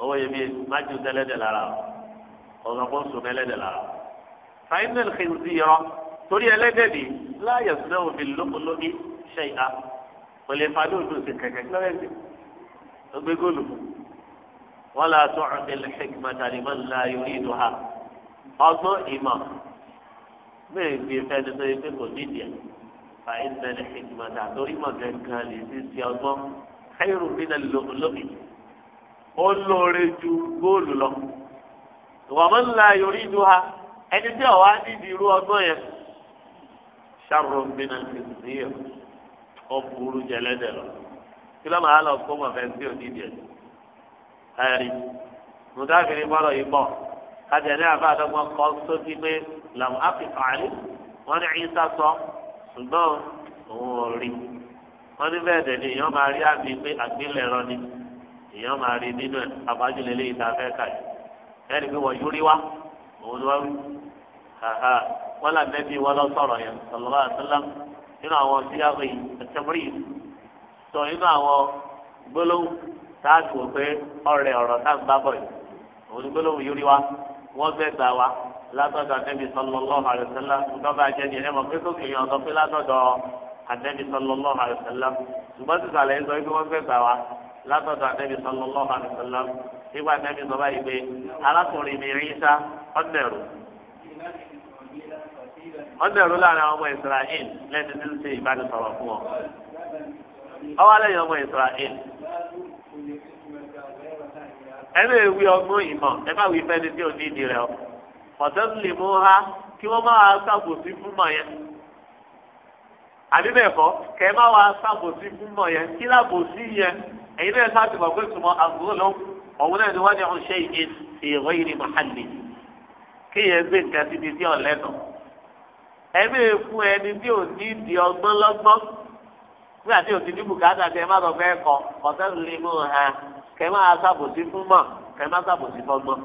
owó yẹmi má jù sí ẹlẹ́dẹ̀ lára ọ̀gá kó sùn ẹlẹ́dẹ̀ lára fainal xinzi yọrọ torí ẹlẹ́dẹ̀ ni láyé sinẹ́ òbí lókolóki ṣe ìhà kò lè fa lóòdù sí kẹ̀kẹ́ kílọ̀rẹ́sì ọgbẹ́ góòlù wọn là tó ọ̀dẹ̀lẹ̀ xẹ́kìmọ̀tà ni wọn là yorí ìlú ha ọgbọ́n ìmọ̀ bẹ́ẹ̀ gbé fẹ́ni tó yẹ pé kò nídìí ẹ̀ fainal xìkìmọ̀tà torí mọ̀ gẹ̀ǹkan lè ti ṣe ọgbọ́n xẹ́yìrù bínà lókolóki ó lóore ju góòlù lọ ìwà mọ́ ń la yorí ìlú ha ẹni tí ọ̀wá dídì irú ọgbọ́n yẹn ṣàrò bínú ìdí ẹ̀ ó burú jẹlẹ́dẹ̀ lọ kí ló máa lọ kó mọ̀ fẹ́ sí òdìdí ẹ̀ ẹ̀rí mùtáfìrí bọ́lọ̀ yìí bọ̀ kájẹ̀lẹ́ àbádọ́gbọ́n kọ́ sókí pé làwọn àfìfàálì wọ́n ní ìsá sọ ṣùgbọ́n òun ò rí wọ́n ní bẹ́ẹ̀ dẹ̀ ni èèyàn máa rí àmì pé àgbélẹ̀rọ ni èèyàn máa rí nínú ẹ̀ abájúlélẹ́yìn tá a fẹ́ kà yìí ẹ̀rí pé wọ́n òun ni wọ́n wí wọn là nẹbi wọn lọ sọ̀rọ̀ yẹn sọlọlá àtàlà nínú àwọn síyáwó ìtẹmúrì sọ nínú àwọn gbólóhùn táàgì wò pé ọ̀rẹ́ ọ̀rọ̀ náà ń bá bọ yìí òun gbólóhùn yórí wa wọn gbẹ gbà wa látọ̀dọ̀ nẹbi sọlọlọ àtàlà ńdọba àjẹni ẹ mọ pé sókè yẹn ọ̀dọ̀ pé látọ̀dọ̀ ànẹbi sọlọlọ àtàlà ṣùgbọ́n sísàlẹ̀ ń sọ pé wọ́n gbẹ gbà wa látọ̀dọ̀ ànẹbi sọlọlọ àtàlà nígbà nẹbi sọ wọ́n dẹ̀rú láàrin àwọn ọmọ Israel lẹ́ni tí ń ṣe ìbánisọ̀rọ̀ fún wọn. ọwọ́ lẹ́yìn ọmọ Israel. ẹ lè wí ọgbọ́n ìmọ̀ ẹ má wí fẹ́ni tí ò ní ìdí rẹ̀ o. ọ̀tẹ́ lè mú ha kí wọ́n má wàá ṣàbòsí fún mọ̀ yẹn. àbí bẹ́ẹ̀ kọ́ kẹ́ ẹ má wàá ṣàbòsí fún mọ̀ yẹn kí lábòsí yẹn ẹ̀yin náà sáà ti pé tùmọ̀ àbúrò lọ òun náà ni wọ́n ní ọ̀ṣẹ́ ìgbé ìrọ̀ ìrìn mọ̀hálì kí yẹn gbé nǹkan síbi tí ọ̀lẹ́nu ẹbí fún ẹni tí ò ní di ọgbọ́n lọ́gbọ́n nígbà tí ò ti ní bùkátà tí ẹ má lọ fẹ́ kọ ọ̀sẹ̀ lè mú ha kẹ máa ṣàbòsí fún mọ̀ kẹ má ṣàbòsí fọgbọ́n.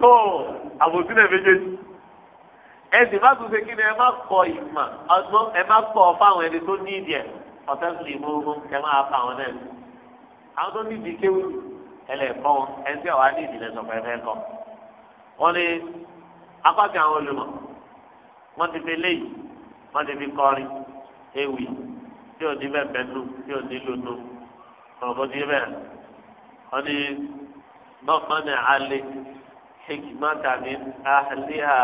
tó àbòsí náà méjèèjì ẹ sì má tún ṣe kí ni ẹ má kọ ìmọ̀ ọgbọ́n ẹ má kọ fáwọn ẹni tó ní ìdí ẹ̀ ọ̀sẹ̀ lè mú kẹ máa fa àwọn náà àwọn tó ní ìdí kéwì ẹlẹ́ẹ̀kọ́ wọn ẹni tí ọ̀ apákan àwọn olùmọ̀ wọ́n ti fi léyìí wọ́n ti fi kọrin ewì tí ò ní bẹ́ẹ̀ bẹ́nu tí ò ní lónú ọ̀rọ̀ ní bẹ́ẹ̀ wọ́n ní mọ́kànnì alẹ́ hikmata mi ahliha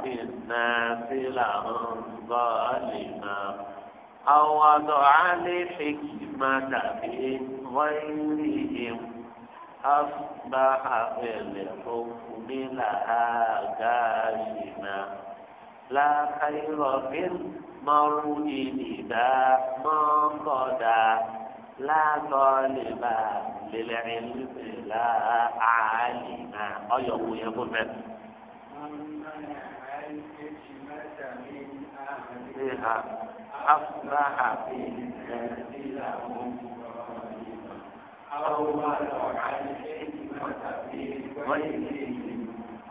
fi nàfìlà ọ̀gbọ́ọ̀lìmọ̀ àwọn àdọ̀ alẹ́ hikmata mi wọ́n ń أصبح في الحكم لها دائما لا خير في المرء إذا ما قدا لا طالب للعلم لا عالما أيوه يا أبو أصبح في له أو ما عن شيء وتبين غيره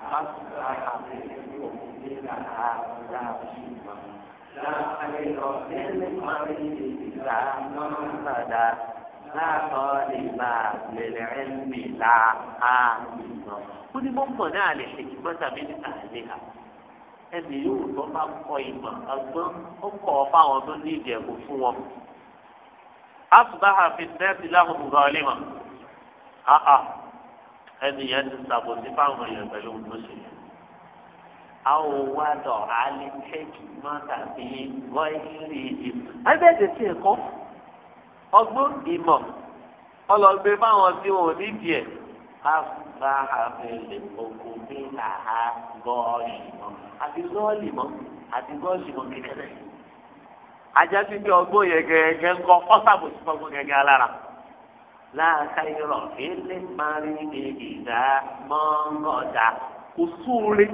أصبح المؤمن هذا شيئا لا خير في المريض إذا ما غدا لا طالب للعلم لا عالم ó ní mọ́mọ́ náà lè ṣe ìgbọ́n tàbí ní àléhà ẹnì yóò tó bá kọ ìmọ̀ ọgbọ́n ó kọ̀ ọ́ fáwọn tó ní ìdẹ̀kùn fún wọn asùbáhà fi tẹ́sí láhùn gọ́ọ̀lì mọ̀ àà ẹni yẹn ti sàbòsí fáwọn èèyàn pẹ̀lú gbòòsì àwọn owó àtọ̀ àlẹ́ kẹ́kì mọ́tà sí gọ́ìlì ìdìbò. ẹgbẹ́ ti ti ẹ̀kọ́ ọgbọ́n ìmọ̀ ọlọ́gbé fáwọn tí wọn ò ní díẹ̀ asùbáhà fi lè kókó bí àhá gọ́ọ̀lì mọ́ àti gọ́ọ̀lì mọ́ àti gọ́ọ̀lì mọ́ kékeré ajásí bí ọgbọ́n yẹn gẹ́gẹ́ ńkọ ọ́sàbò sí fọ́gbọ́n gẹ́gẹ́ alára. láàka irọ́ ilé parí ní ìdá mọ́ngọ́dà kò súre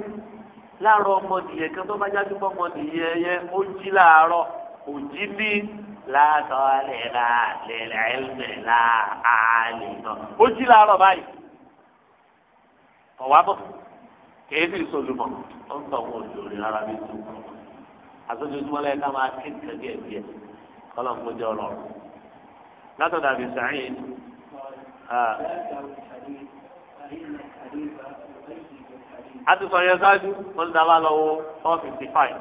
láàárọ̀ ọmọdìyẹ kan tó bá jáde pọ̀ ọmọdìyẹ yẹn ó jí láàárọ̀ kò jí ní láàtọ̀ lẹ́la lẹ́la ẹ̀lẹ́ la àlè náà ó jí láàárọ̀ báyìí ọ̀wá bọ̀ kèéfì sọ̀lùmọ̀ ó ń tọ̀ tó kọ́ àtúntò lẹ́yìn ká máa kí nǹkan díẹ̀ díẹ̀ kọ́lọ̀ ń kójọ lọ. látọ̀dà bí sàáyìn. a ti sọ yẹn sáájú wọn dábàá lọ wo four fifty five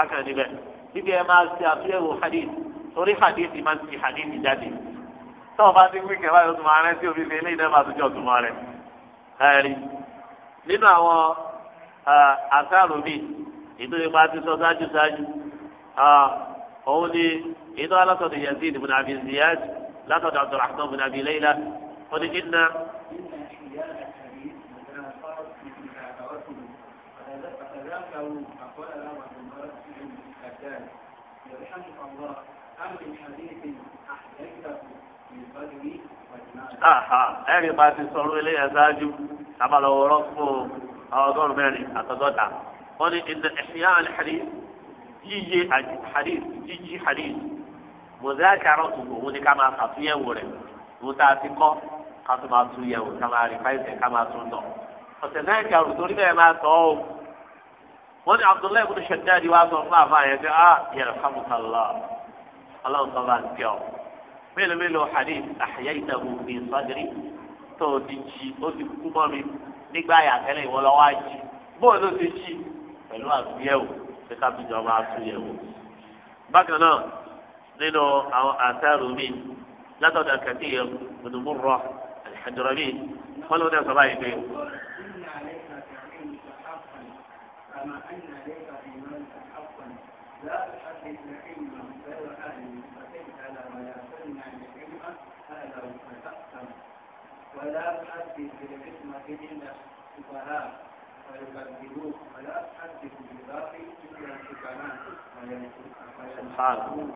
akẹ́ níbẹ̀ bíbí ẹ máa ṣe àtúnyẹ̀wò hadith torí hadith máa ń ti hadith jáde tọ́wọ́ bá ti ń wíkẹ́ báyìí oṣù márùn-ún tí òbí fi ilé ìdẹ́gbà tó jẹ́ oṣù márùn-ún. nínú àwọn àṣà ròmíì. هندو دي قاتل سوزاج ساج ها قولي إذا لا تد يزيد بن أبي زياد لا تد عبد الرحمن بن أبي ليلى قل إن الحديث الله أحا أبي قاتل صلوا إليه أزاجو كما لو رفوا أو دور مالي أتضطع wọ́n ní ìdá ẹ̀yà alḥadith yíyé hadith yíyí hadith mọ̀záàkàrọ̀ tó wò wọ́n ní ká máa ṣàtúnyẹ̀wò rẹ̀ wọ́n tá a ti kọ́ ká tó máa tún yẹ̀wò ká máa rí fáìsẹ̀ ká máa tún tọ̀ ọ̀sẹ̀ náà kí àrùn torí bẹ́ẹ̀ máa tọ́ o wọ́n ní abdullahi ibùdó ṣẹ̀dáàdì wa sọ fún àfa yẹn pé ah yẹrẹ fámùkàlá ọlọ́run tó bá ń tẹ̀ ọ́ mélòó mélòó hadith àhẹ́yẹ́ tó ti jí o ti ti jí pẹ̀lú àtúnyẹ̀wò tí kábíyèsí ọba àtúnyẹ̀wò. bákan náà nínú àwọn àtẹ́rù mi látọ̀dọ̀ kẹ̀kẹ́ rọ àdúrà mi wọ́n ló dẹ̀ sọ́ba ìgbé. ولا تحدث بالحكمة عند الفقهاء فيكذبوه فلا تحدثوا بباقي إلا سكنان سبحانه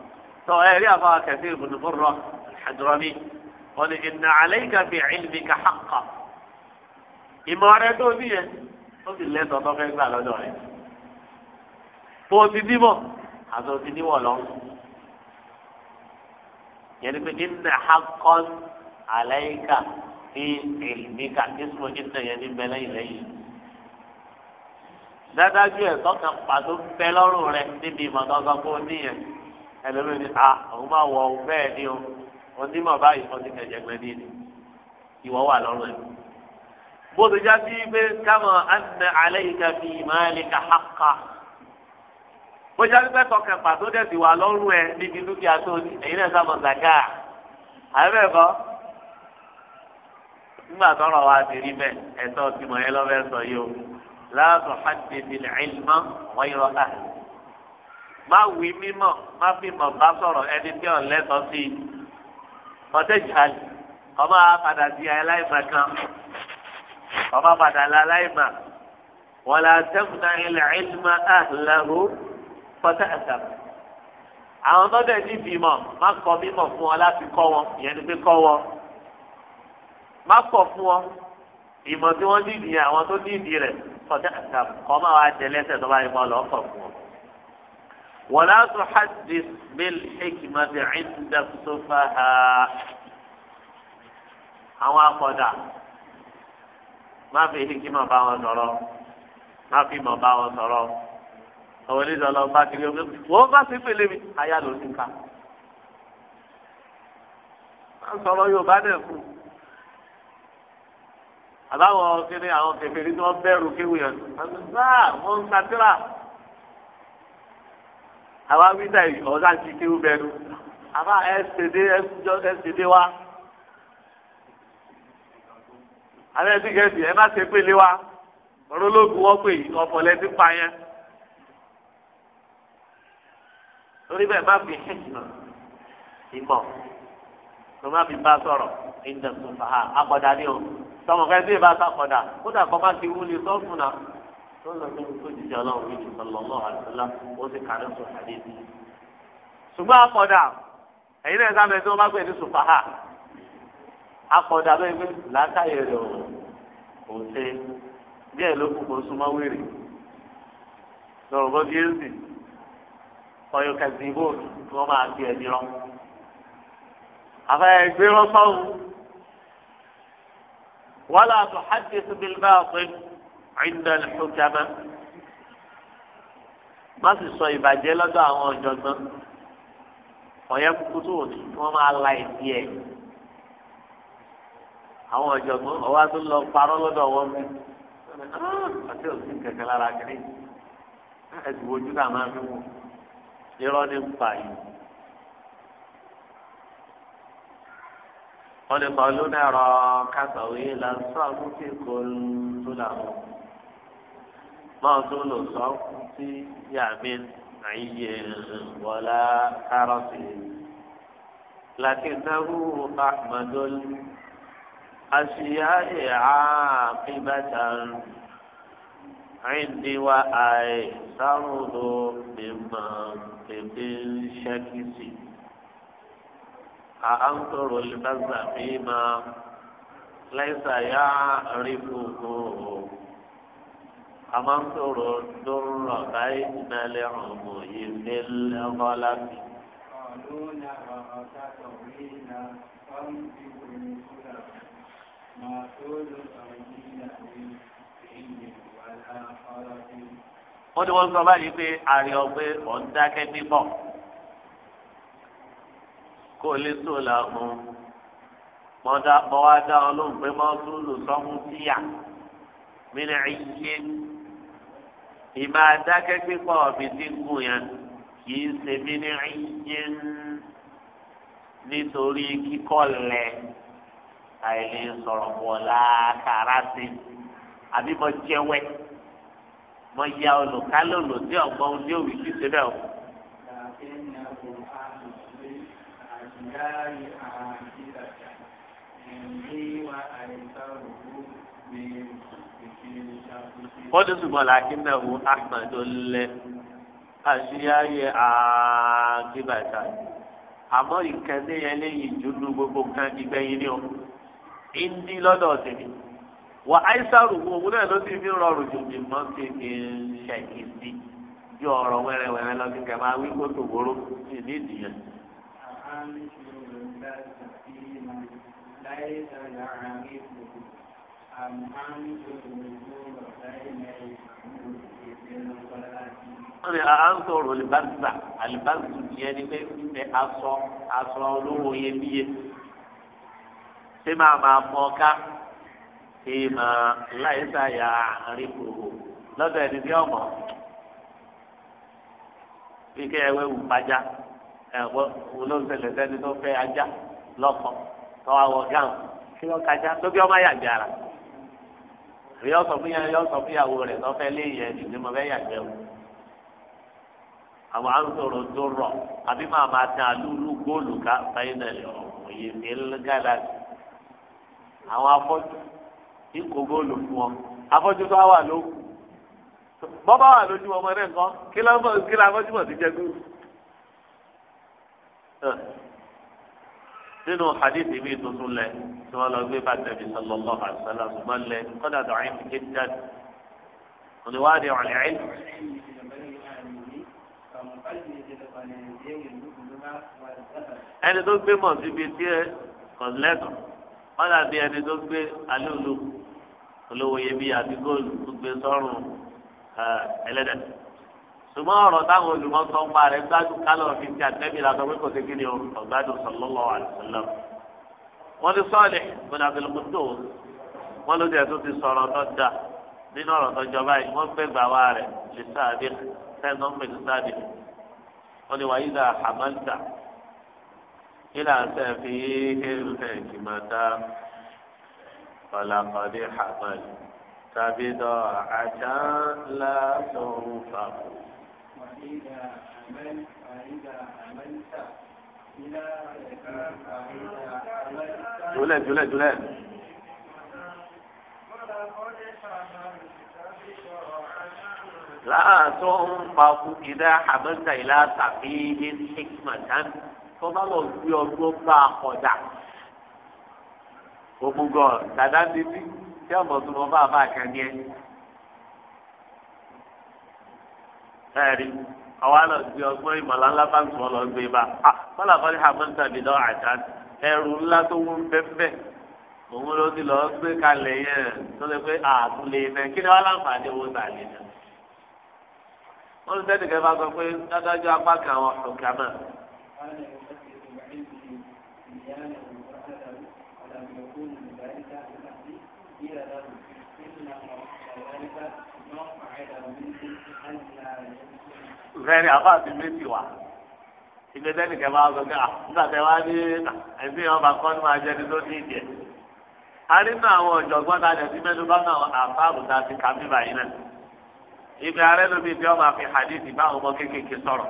تو ايه ابا كثير بن مره الحجرمي قال ان عليك في علمك حقا ìmọ̀ràn bí yẹn ó sì lẹ́tọ̀ọ́ tó fẹ́ gbà lọ́dọ̀ rẹ̀ bó o ti dímọ̀ àti o ti díwọ̀ lọ. yẹn ni pé nínú akọ́n àlẹ́yìnká ní èlìmíkà kí sùnmọ́ kí sùnmọ́ yẹn ní bẹ́ẹ̀ lẹ́yìn lẹ́yìn dádájú ẹ tọkàn pàtó bẹ lọ́rùn rẹ níbi ìmọ̀ kankan kó níyẹn ẹlòmíràn ni a ah, òun máa wọ òun bẹ́ẹ̀ ni o onímọ̀ báyìí kan ti kẹjẹgbẹ ní ni ìwọ wà lọ́rùn ẹ. bó ti já sí pé kámọ anna alayka fi malika haqqa bó já sí pé tọkàn pàtó dẹ̀ ti wà lọ́rùn ẹ níbi dúkìá tó ní èyí náà sábà zaka àbẹ̀ kọ́ nígbà tọrọ wa ti rí bẹ́ẹ̀ ẹ̀tọ́ ti mọ̀ yẹn láàbù hàdì bìlì ìlmọ wọn yọrọ àhẹ má wí mímọ̀ má fi mọ̀ bá sọ̀rọ̀ ẹni tí ò lẹ́tọ̀ọ́ sí i mọtẹjàlì ọmọ apàdà di aláìmọ̀ kan ọmọ apàdà la aláìmọ̀ wọn là sẹkùnà ilẹ ìlmọ àhìlẹrú pọtẹ ẹsẹ àwọn tó dẹ̀ ní bímọ má kọ mímọ̀ fún ọ láti kọ́ wọn ìyẹn ni pé kọ́ wọn má kọ̀ fún ọ ìmọ̀ tí wọ́n ní àwọn tó ní ìdí sọdẹ àtàm kọ́ máa wá jẹ lẹ́sẹ̀ tó bá yẹ kọ́ lọ́ọ́ fọ̀ fún ọ. wọ́lá tó hajj bíl hekima bí ẹ̀ńdà sọ́fà ha àwọn akọ̀dà má fi hekima bá wọn sọ̀rọ̀ má fi mọ̀ bá wọn sọ̀rọ̀ àwọn onídàá lọ bá kiri omi wọ́n bá sí pèlè mi àyà ló ti ka. wọ́n sọ̀rọ̀ Yorùbá náà fún un àbáwọ̀ kíni àwọn kẹfìrí tí wọ́n bẹ̀rù kéwì yẹn àgbà wọ́n ń katira àwa wíńdà ọ̀dà ti kéwì bẹ̀rù àbá ẹ̀sìdé wa àbá ẹ̀sìn kẹ́sì ẹ̀ má ṣe pélé wa rólógùn wọ́n pè yìí ọ̀pọ̀lẹ́ ti pa yẹn torí bẹ́ẹ̀ má fi hẹ́jìmọ̀ ìmọ̀ tó má fi bá sọ̀rọ̀ ìdàgbàsọ̀fà àpọ̀dá ní o sọmọ kẹ́ bí ìbá sàkọ̀dà kódà kọ́ bá ti wúlé sọ́ọ̀fù náà tó lọ sí ojú ìjà ọlọ́run méjì sọlọ́lọ́ àdúrà ó sì kàrí sùn àdé bí. ṣùgbọ́n akọ̀dà ẹ̀yin náà sábẹ́ tí wọ́n bá pè ní sùfàhà akọ̀dà bẹ́ẹ̀ pé làákàyè rẹ̀ ò kò ṣe díẹ̀ ló kú kó súnmọ́ wèrè lọ́rọ̀ bọ́ bí èsì ọyọ̀ kẹsì tí wọ́n máa fi ẹ̀ ولا تحدث بالباطل عند الحكماء má sì sọ ìbàjẹ́ lọ́dọ̀ àwọn ọ̀jọ̀gbọ́n ọ̀yẹ́ kúkútù òní wọ́n máa la ìdí ẹ̀ àwọn ọ̀jọ̀gbọ́n ọwọ́ tó lọ parọ́ lọ́dọ̀ wọn bí àti òsì kẹ̀kẹ́ lára kiri ẹ̀sìn wojú náà máa fi wù irọ́ ní pa yìí. wọ́n lè kọ́ lónà ẹ̀rọ kásàwé lásán tí kò ń tó làwọn. máa tó lò sọ sí yàmi àyè wọlá kárọ̀tì. لكنه أحمد الأشياء عاقبة عندي وأيسره من منطق شكسي àǹtọ̀rọ̀ lìbàzà fi máa láìsà yá rí gbogbo àmọ́ntòrò dúró báyìí nílẹ̀ ọ̀mù yìí nílẹ̀ ọ̀gọ́lábì. wọ́n ti wọ́n sọ báyìí pé àrí ọgbẹ́ ọ̀ń dákẹ́ bíbọ̀ kó lè tó la fún mọ wá dá ọlọ́run pé mọ́ tún lò sọ́hún síyà mílẹ̀ ayé ìmọ̀ adákẹ́ pípọ̀ mi ti gùn yẹn kì í ṣe mílẹ̀ ayé nítorí kíkọ́ lẹ̀ àìlè sọ̀rọ̀ bọ̀ láàkàrà sí àbí mo jẹ́wẹ́ mo ya olùkálẹ̀ olùdí ọ̀gbọ́n ní òwì kìí ṣe bẹ́ẹ̀ o. النار عاجلة عندي وأيسره من wọ́n tún ṣùgbọ́n làákínnáwó ahmadu lẹ́ àṣeyáyé àgbébàtà àmọ́ ìkànnì ẹlẹ́yìn dúdú gbogbo kan ìgbẹ́yìn ni ó ń dín lọ́dọ̀ tèmi wà áìsàrù wo òun náà ló ti fi rọrùn jù mí mọ́ sí mi ṣèkìsì ju ọ̀rọ̀ wẹ́rẹ́wẹ́rẹ́ lọ sí kẹ́ máa wí kó tòwóró sí ní ìdíyẹn. ليس لها مثله أم أنتم نزول بين wọ́n ní àánsọ̀rọ̀ àlìbáṣà àlìbáṣà yẹn ni pé fífẹ́ aṣọ aṣọ olówó iyebíye ṣé máa máa mọ ká ṣé máa láìsà yà àárín gbogbo lọ́dọ̀ ẹni bí ọmọ bí kẹ́ ẹ wẹ́wù pàjá ẹ̀ wọ́n ló tó fẹ́ ajá lọ́kọ̀ọ́ tọ́wọ́ wọ gáwọn kí lọ́ọ́ kájá tóbi ọmọ yàgbé ara àbí yọ fún yẹn yọ sọ fún ìyàwó rẹ̀ lọ́fẹ́ lé yẹn ìdí mo fẹ́ yàgbé o àwọn àrùntòrò tó rọ àbí máa máa tẹ àlúlú góòlù ká fáínàlì òye mélgàlà àwọn afọ́jú ikọ̀ góòlù fún ọ afọ́jú tó wà ló bọ́bá wà lójú ọmọ rẹ̀ nǹkan kí lọ́mọ kí lọ́mọ jùmọ̀ ti jẹ́ góòlù nínú hadithi mi tuntun lẹ tí wọn lọ gbé bá tẹbi sallallahu alaihi wasallam ṣùgbọn lẹ kọdà dọ̀ọ́yìn fi ké jáde oníwádìí ọ̀lẹ́ ẹ̀. ẹni tó gbé mọ̀ síbi tí ẹ kàn lẹ́nu wọn dàbí ẹni tó gbé alẹ́ olówó olówó yẹbi àti góòlù tó gbé sọ́run ẹlẹ́dẹ̀ẹ́ ṣùgbọ́n ọ̀rọ̀ táwọn olùmọ̀sọ ń pa rẹ̀ gbádùn kálọ̀ fi ti àtẹ́bí la sọ pé kò sí kí ni ọ̀gbádùn sallallahu alaihi wasallam. wọ́n ní sọ́ọ̀lì gbọ́dọ̀ àbẹ̀lẹ̀ kótó wọ́n ló dẹ̀ tó ti sọ̀rọ̀ tó da nínú ọ̀rọ̀ tó jọba yìí wọ́n fẹ́ gbà wá rẹ̀ lè sáàdì sẹ́ńtọ́ ń pè ní sáàdì. wọ́n ní wàyí dà hàmẹ́ntà ilà sẹ́fì hẹ́rùfẹ́ kìmọ̀tà ọ̀làkọ̀dé hàmẹ́ntà tàbí dọ̀ فإذا عملت فإذا عملت إلى فإذا عملت جلال جلال جلال لا تنفق إذا حملت إلى تقييد حكمة فضل يوم ما قدع ومقول تدام دي tí ọmọ tó mọ bá a bá a kàn yẹn ẹ̀rí àwa lọ sí ọgbọ́n ìmọ̀lá ńlá bá ń sọ lọ gbé bá a bọ́lá bọ́lá hamilton ní lọ́ọ́ àjà ẹrù ńlá tó wọ́n bẹ́ẹ̀ òun ló ti lọ gbé kalẹ̀ yẹn tó lè pé àtúnlé náà kí ni wọ́n láǹfààní owó tà lé náà. wọ́n ti tẹ́tì kẹfà sọ pé dájọ́ apá kan ọ̀kà náà. Thank bẹ́ẹ̀ni àwọn àti máa ah, tẹ wá ní ah, ẹ̀sìn ọba kan ní máa jẹni tó ní ìjẹ. a rí nínú àwọn ọ̀jọ̀gbọ́n sí mẹ́nu bá náà ti kà mí báyìí náà. ibi ààrẹ ló bíi tí wọ́n máa hadith bá ọmọ kéékèèké sọ̀rọ̀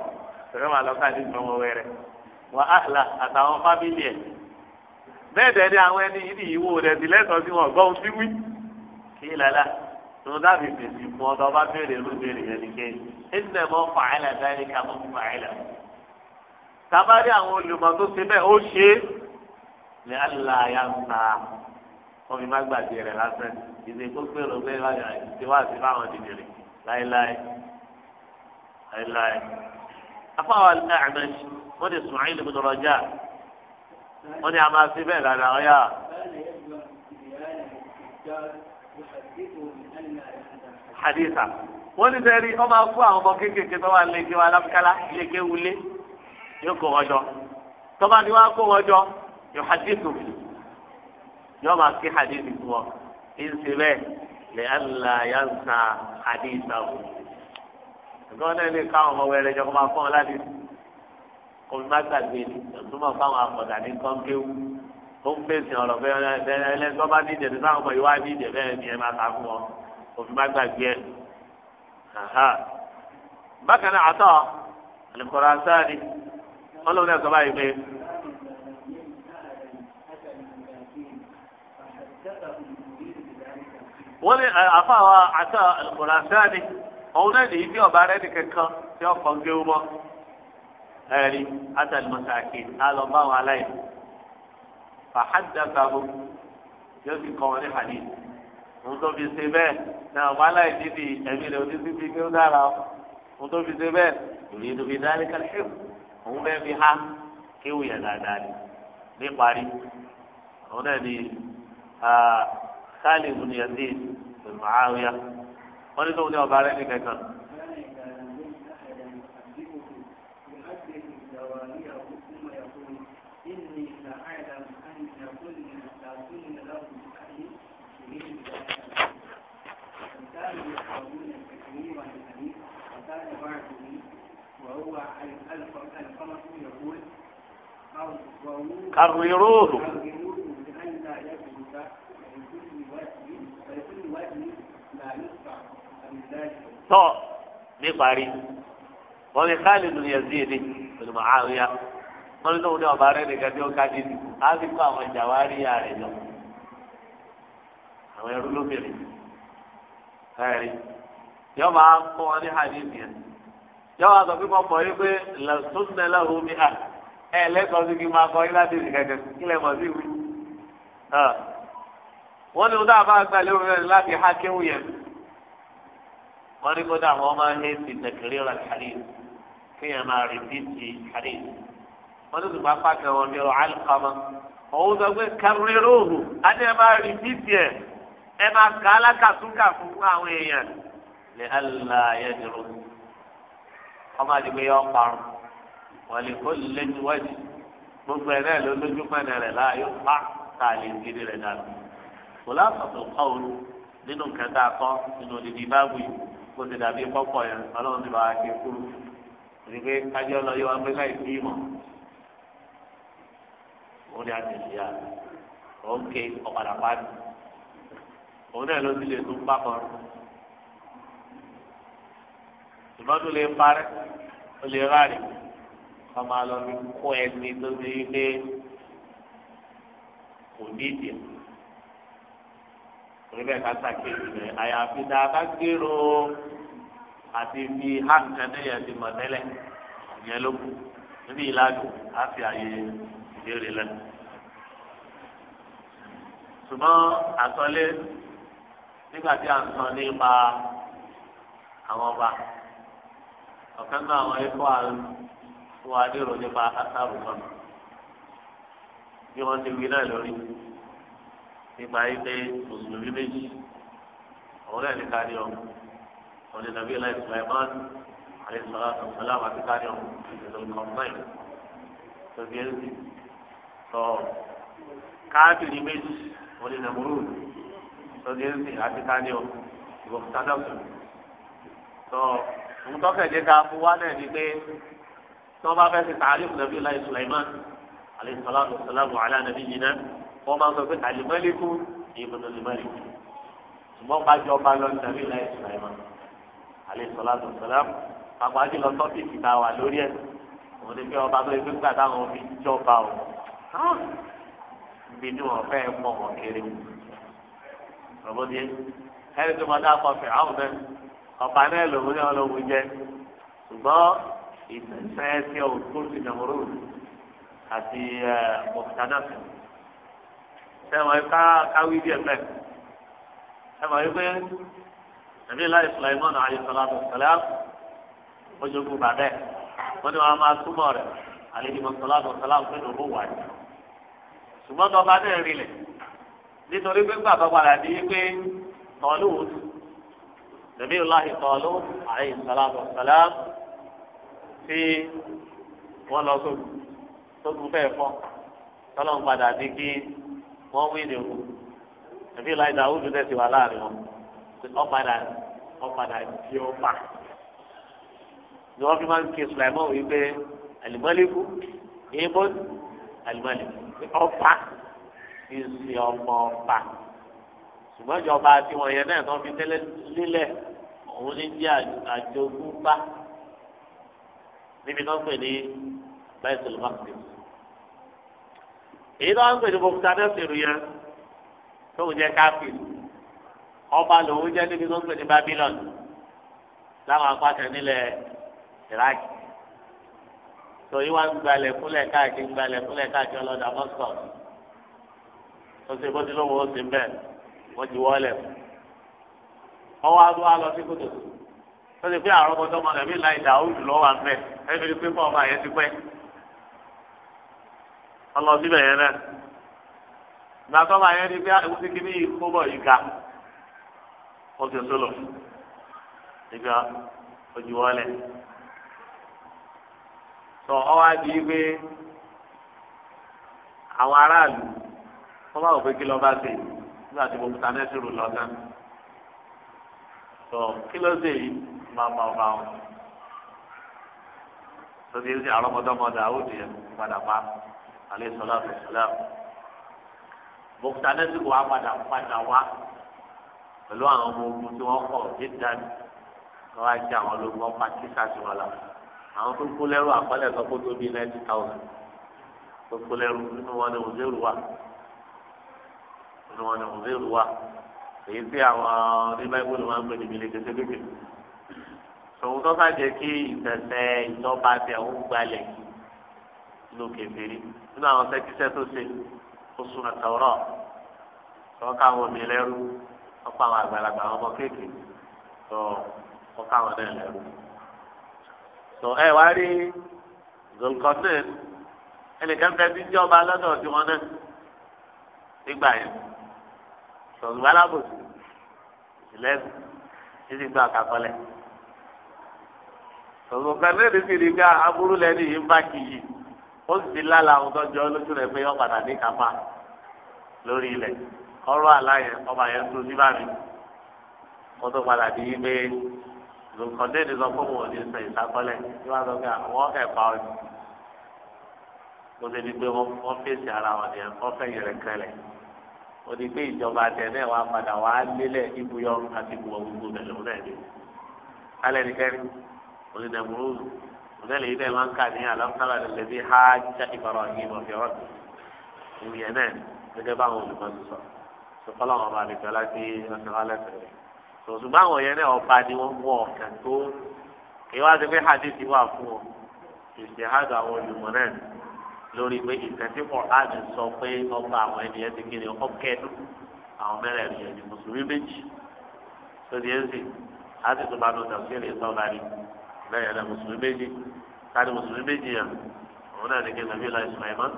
tẹ̀lé màá lọ káàdì ìgbọ̀n wẹ̀rẹ̀. wà á là àtàwọn ẹ̀. bẹ́ẹ̀ àwọn ẹni yìí tó dábì fèsì fún ọdọ bá béèrè ló béèrè yẹn ni ké ẹnìyẹ mọ fàáìlà dání ká mọ fàáìlà tabari àwọn olùmọ̀ tó ṣe bẹ́ẹ̀ ó ṣe é ní aláya ń ta wọn fi má gbàgbé rẹ lásán ìdè tó gbèrò pé ìdè wà sí fáwọn dìdìrì láéláé láéláé afáwọn àgbẹ̀ṣ wọn ti sùn àyìnlẹ̀ gbọdọ̀ lọ́jà wọn ni a máa ṣe bẹ́ẹ̀ lára ọ̀yà haditha wọ́n ní sẹ́rí wọ́n máa fún àwọn ọmọ kéékèèké tó wà lé kí wọ́n alámkálá lé ké wulé yóò kó wọn jọ tọ́ba ni wọ́n á kó wọn jọ yóò hadithu fi yóò máa kí hadithu fún wọn ìsì bẹ́ẹ̀ lè ala yà ń sa haditha fún ẹ̀gbọ́n náà lè ká àwọn ọmọ wẹ̀rẹ̀ jọ kó máa fún wọn láti kó má gbàgbé ni ọ̀túnmọ̀ fáwọn àpọ̀dà ní kọ́ńkéwù tó ń fèsì ọ̀rọ̀ bẹ́ẹ̀ ẹlẹ́gbọ́n bá díje ní sáwọn ọmọ yìí wá díje bẹ́ẹ̀ ni ẹ máa ta fún ọ òfin bá gbàgbé ẹ. bákan náà àtọ àlùkòrò àṣàrí ọlọ́run ẹ̀sọ́ báyìí pé. wọ́n ní àfàwọ̀ àtọ àlùkòrò àṣàrí òun náà lè bí ọba rẹ̀ nìkankan tí ọkọ̀ ń gbé wọ́n ẹ̀rí àtàlùmọ̀tàkì fàhádàtàbò yóò sì kọ́ wọn ní hadith òun tó fi ṣe bẹ́ẹ̀ náà wọn aláì dídì ẹ̀mí rẹ̀ òdí títí kí ó dára òun tó fi ṣe bẹ́ẹ̀ ìlú ìlú fi dárí kálífù òun bẹ́ẹ̀ fi há kéwù yẹn dáadáa ni níparí òun náà ni Khalid ibn Yazid ibn Muawiya wọ́n ní tóun ní ọba rẹ̀ ní kankan. وهو القمص يقول كرروه لئلا يثبت لكل وجه لكل وجه لا يشفع من ذلك. طب níparí wọn ní Khalid Yazid pẹ̀lú Muawiya wọn ní lóun ní ọba rẹ nìkan tí ó ká dídì á sì kó àwọn jàwárí rẹ lọ àwọn ẹrú lóbìnrin ẹ rí yọọ máa kó wọn ní hadith yẹn yọwọ àtọ fí mo kọ yín pé lọsùnmẹ lọhùn mi hà ẹ lẹkọọ sí kí n máa kọ yín láti ìsìn kẹkẹ kí lẹ mọ sí wí. wọn ní kódà bá gbà lérò rẹ láti há kéwù yẹn wọn ní kódà wọn máa ń hé ti tẹkẹrẹ rà kárì kéèyàn máa rí bí ti kárì wọn ní tùpá pàkẹ wọn ní alùpàmọ òun sọ pé kárìrì ọmọ àdìgbò yọ parun wọlé kó lẹ́nu wẹ́ẹ̀dì gbogbo ẹ̀ náà ló lójú pẹ̀lẹ́ rẹ̀ láàyò pa tá a lè gidi rẹ̀ dànù. kò lásàtò kọ́ o nínú kẹta kọ́ nínú òdìdí báàbù yìí kó ti dàbí pọ́pọ̀ yẹn ọlọ́run ti bá a ké kúrú ní pé kájọ́ lọ yọ wápé láì fi mọ̀ ó ní àtẹ̀lẹ́ yà ó ń ké ọ̀padà pàdé òun náà ló ti lè tún pápọ̀ ṣùgbọ́n tó lè parẹ́ ó lè ráàlì ká máa lọ ní kó ẹni tó ti rí pé kò ní ìdí orílẹ̀ ká sàkéjì rẹ̀ àyàfi tá a bá gbèrò àti fi hàǹkẹ́ níyẹn ti mọ̀ tẹ́lẹ̀ ìyẹn ló kù níbi ìlàjò á fi àyè ìbéèrè lẹ́nu. ṣùgbọ́n àtọ́lé nígbà tí a ń sọ nípa àwọn ọba ọ̀kan náà àwọn ikọ̀ àrùn tó wà ní ìròyìn nípa akásárù kan bí wọ́n ti wí náà lórí nípa yìí pé mùsùlùmí méjì òun náà ní kárí ọ̀hún òun nàbí ilá ìsìlẹ̀mán àìsàn àtọ̀sálàm àti kárí ọ̀hún ìṣẹ̀lẹ̀ kọ̀ọ̀mọ́ì tó fi ń sìn tọ́ káàkiri méjì òun ní nàmúrù tó fi ń sìn àti kárí ọ̀hún ìbọn ntọ́kẹ̀dé ká fún wa náà ni pé tí wọ́n bá fẹ́ ṣe tààrí fún nàbí láì Sulaiman alayhi salatu wa salamu ala nabiyyina wọ́n máa sọ pé alimẹ́líkù ibùdó limẹ́líkù ṣùgbọ́n bá jọ bá lọ nàbí láì Sulaiman alayhi salatu wa salamu pàpà á ti lọ tọ́pìkì tá a wà lórí ẹ̀ wọ́n ní pé ọba tó yẹ pé gbà táwọn fi jọba o bí ni fẹ́ mọ̀ wọ́n kéré rọ̀bọ́dé ọba náà lòun ní ọlọ́wọ́ jẹ ṣùgbọ́n ìtẹ̀sẹ̀ ẹsẹ̀ òkú ti nàmúrò àti mọ̀tánàfẹ̀ sẹ́wọ̀n ká káwí díẹ̀ bẹ́ẹ̀ sẹ́wọ̀n yìí pé nàbí láì sùlẹ̀mọ́nù àyẹ̀sọ̀lá àtọ̀sọ̀lá ojoogun bàbẹ́ wọ́n ní wọ́n máa túbọ̀ rẹ̀ àlejò mọ̀sọ̀lá àtọ̀sọ̀lá pé lòun ò wáyé ṣùgbọ́n tọba náà rinlẹ̀ nítorí pé gbàgbọ́ padà ní pé tọ́lú ti نبي الله طالوت عليه الصلاة والسلام في ولا صد صد فيفا تلون بعد ذيك ما وينه نبي الله داود ده سوى الله اليوم أبدا أبدا يوما ni wọn fi máa ń ké sulaiman wí pé alimọlẹkù ìbọn alimọlẹkù ọba ìsìn ọmọ ọba ṣùgbọ́n ìjọba àti wọ̀nyẹn náà tó fi tẹ́lẹ̀ lílẹ̀ òun ní jẹ́ àjogúnbá níbi tó ń pè ní baitul maqdis èyí tó ń pè ní bòkúta nẹ́sìrì yẹn tó ń jẹ́ káfíìn ọba lòun jẹ́ níbi tó pè ní Babylon láwọn apákan nílẹ̀ Iraq tòyí wá ń gbalẹ̀ fúnlẹ̀ káàkiri gbalẹ̀ fúnlẹ̀ káàkiri ọlọ́dà moscow ó sì bó ti lóun ó sì ń bẹ́ẹ̀. wọ́n ju wọ́lẹ̀ ọwọ́ adó wa sí kòtò tó ti pé àrùn ọmọdé ọmọ mi láì dà ó jù lọ́wọ́ àmẹ́ ẹ̀mí ni pé fún ọmọ àyẹ̀ ti pẹ́ ọlọ síbẹ̀ yẹn náà ìgbà tó ni pé yìí kó bọ̀ yìí ga ti ìgbà nígbà tí gbogbo sanẹ ti rò lọ́nà tó kí ló dé yìí máa máa máa wọn sọdí ẹsẹ àrọmọdọmọdọ àwòdì ẹ padà pa alẹ sọlá tó sọlá gbogbo sanẹ ti wà padà padà wá pẹ̀lú àwọn ọmọ ogun tí wọ́n kọ̀ dídá ni wọ́n á jẹ àwọn ológun ọpa kíkà sí wọn la àwọn tó kú lẹ́rù àkọọ́lẹ̀ sọ pé tó bí ninety tó kú lẹ́rù nínú wọn ni òun lérò wà ni wọn ni òbí rù wá èyí tí àwọn onímọ̀ ìwé ni wọ́n ń pè ní ìbílẹ̀ kékeré sòwò tó bá jẹ́ kí ìfẹsẹ̀ ìjọba tẹ òun gbalẹ̀ ló kékeré nínú àwọn sẹ́kísẹ́ tó ṣe ó súnmọ́ tọ́rọ̀ wọ́n ká àwọn omi lẹ́rú wọ́n pa àwọn àgbàlagbà àwọn ọmọ kéèké tó wọ́n ká àwọn náà lẹ́rú. tó ẹ wá rí zolkọ́nẹ́ẹ̀n ẹnìkan fẹ́ẹ́ ti jọba lọ́dọ̀ tiwọn náà nígbà yẹn sọ̀rọ̀ alábòsí ìlẹ́gùn títí gba àkàkọ́lẹ̀. sọ̀rọ̀ kan lẹ́nu sì rí ká aburú lẹ́nu yìí ń bá kìyì ó sì ti lála àwọn tó jọ lójú rẹ̀ pé ọ̀padà ní kápá lórí ilẹ̀ ọ̀rọ̀ aláyẹ ọba yẹn tó síbà mi kó tó padà di yí pé lùkọ́dé ni sọ fún wọn ní sọ ìsàkọ́lẹ̀ tí wọ́n sọ pé àwọn ẹ̀pà ọ̀dùn kó tẹ́lẹ̀ pé wọ́n fèsì ara wọn ni wọ́n fẹ́ yẹrẹ òní pé ìjọba àtẹnẹ wa padà wà á lélẹ̀ ibùyọ àti ìbùwọ̀ gbogbo rẹ̀ lọ́wọ́ náà ni. alẹ́ nìkẹ́ni onídàmúrú òdẹ́lẹ̀ yìí náà máa ń kà ní alámúkálà lẹ́lẹ́ bí hájà ìbára yìí mọ̀ fìrọ́ ìyẹn náà gẹ́gẹ́ báwọn olùkọ́ ti sọ sọfọlọ́ wọn bá lè fẹ́ láti ọ̀sán alẹ́ fẹ́rẹ́ sọ̀tùmọ́ àwọn yẹn náà ọba ni wọ́n mú ọ̀kẹ́ tó kí wọ́n ti fi hadith wà fún ọ ìṣèhádùn àwọn olùmọ̀ náà lórí pé ìtẹ̀sí kọ̀ọ̀hánì sọ pé ọba àwọn ènìyàn ti kiri ọkọ̀ kẹ́ẹ̀dù àwọn mẹ́rẹ̀ẹ̀rin yẹn ni mùsùlùmí méjì lórí ẹ̀sìn láti tó bá lọ tẹ̀síìrì ìtọ́ba ni lẹ́yìn ẹ̀rẹ́ mùsùlùmí méjì káàdì mùsùlùmí méjì yẹn òun náà ní kí nàbí ilá ìsúláìmán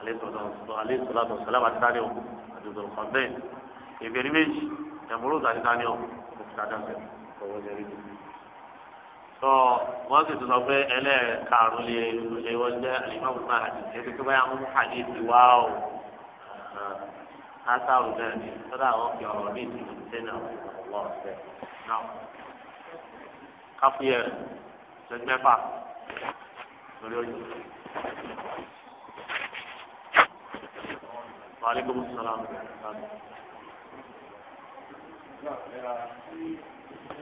alẹ́sọ̀lọ́tọ̀ sọlá àti dáníọ̀ àdùgbò kọ̀ọ̀bẹ́ẹ̀ ìbẹ̀rẹ̀ méjì ẹ̀múrò àti dáníọ̀ òkúta dáńtẹ̀ tó wọn sì sọ pé ẹlẹ́ẹ̀karùn lè lè wọ́n jẹ́ alimami máa hàdí ẹbí tó bá yà mú hàdí ti wá o asáwù náà ni sọ́dọ̀ àwọn fi ọ̀rọ̀ ní ìdílé sẹ́nà wọ́n fẹ́ náà káfíẹ̀ sẹ́gbẹ́fà lórí ojú. Wa alaikum salaam.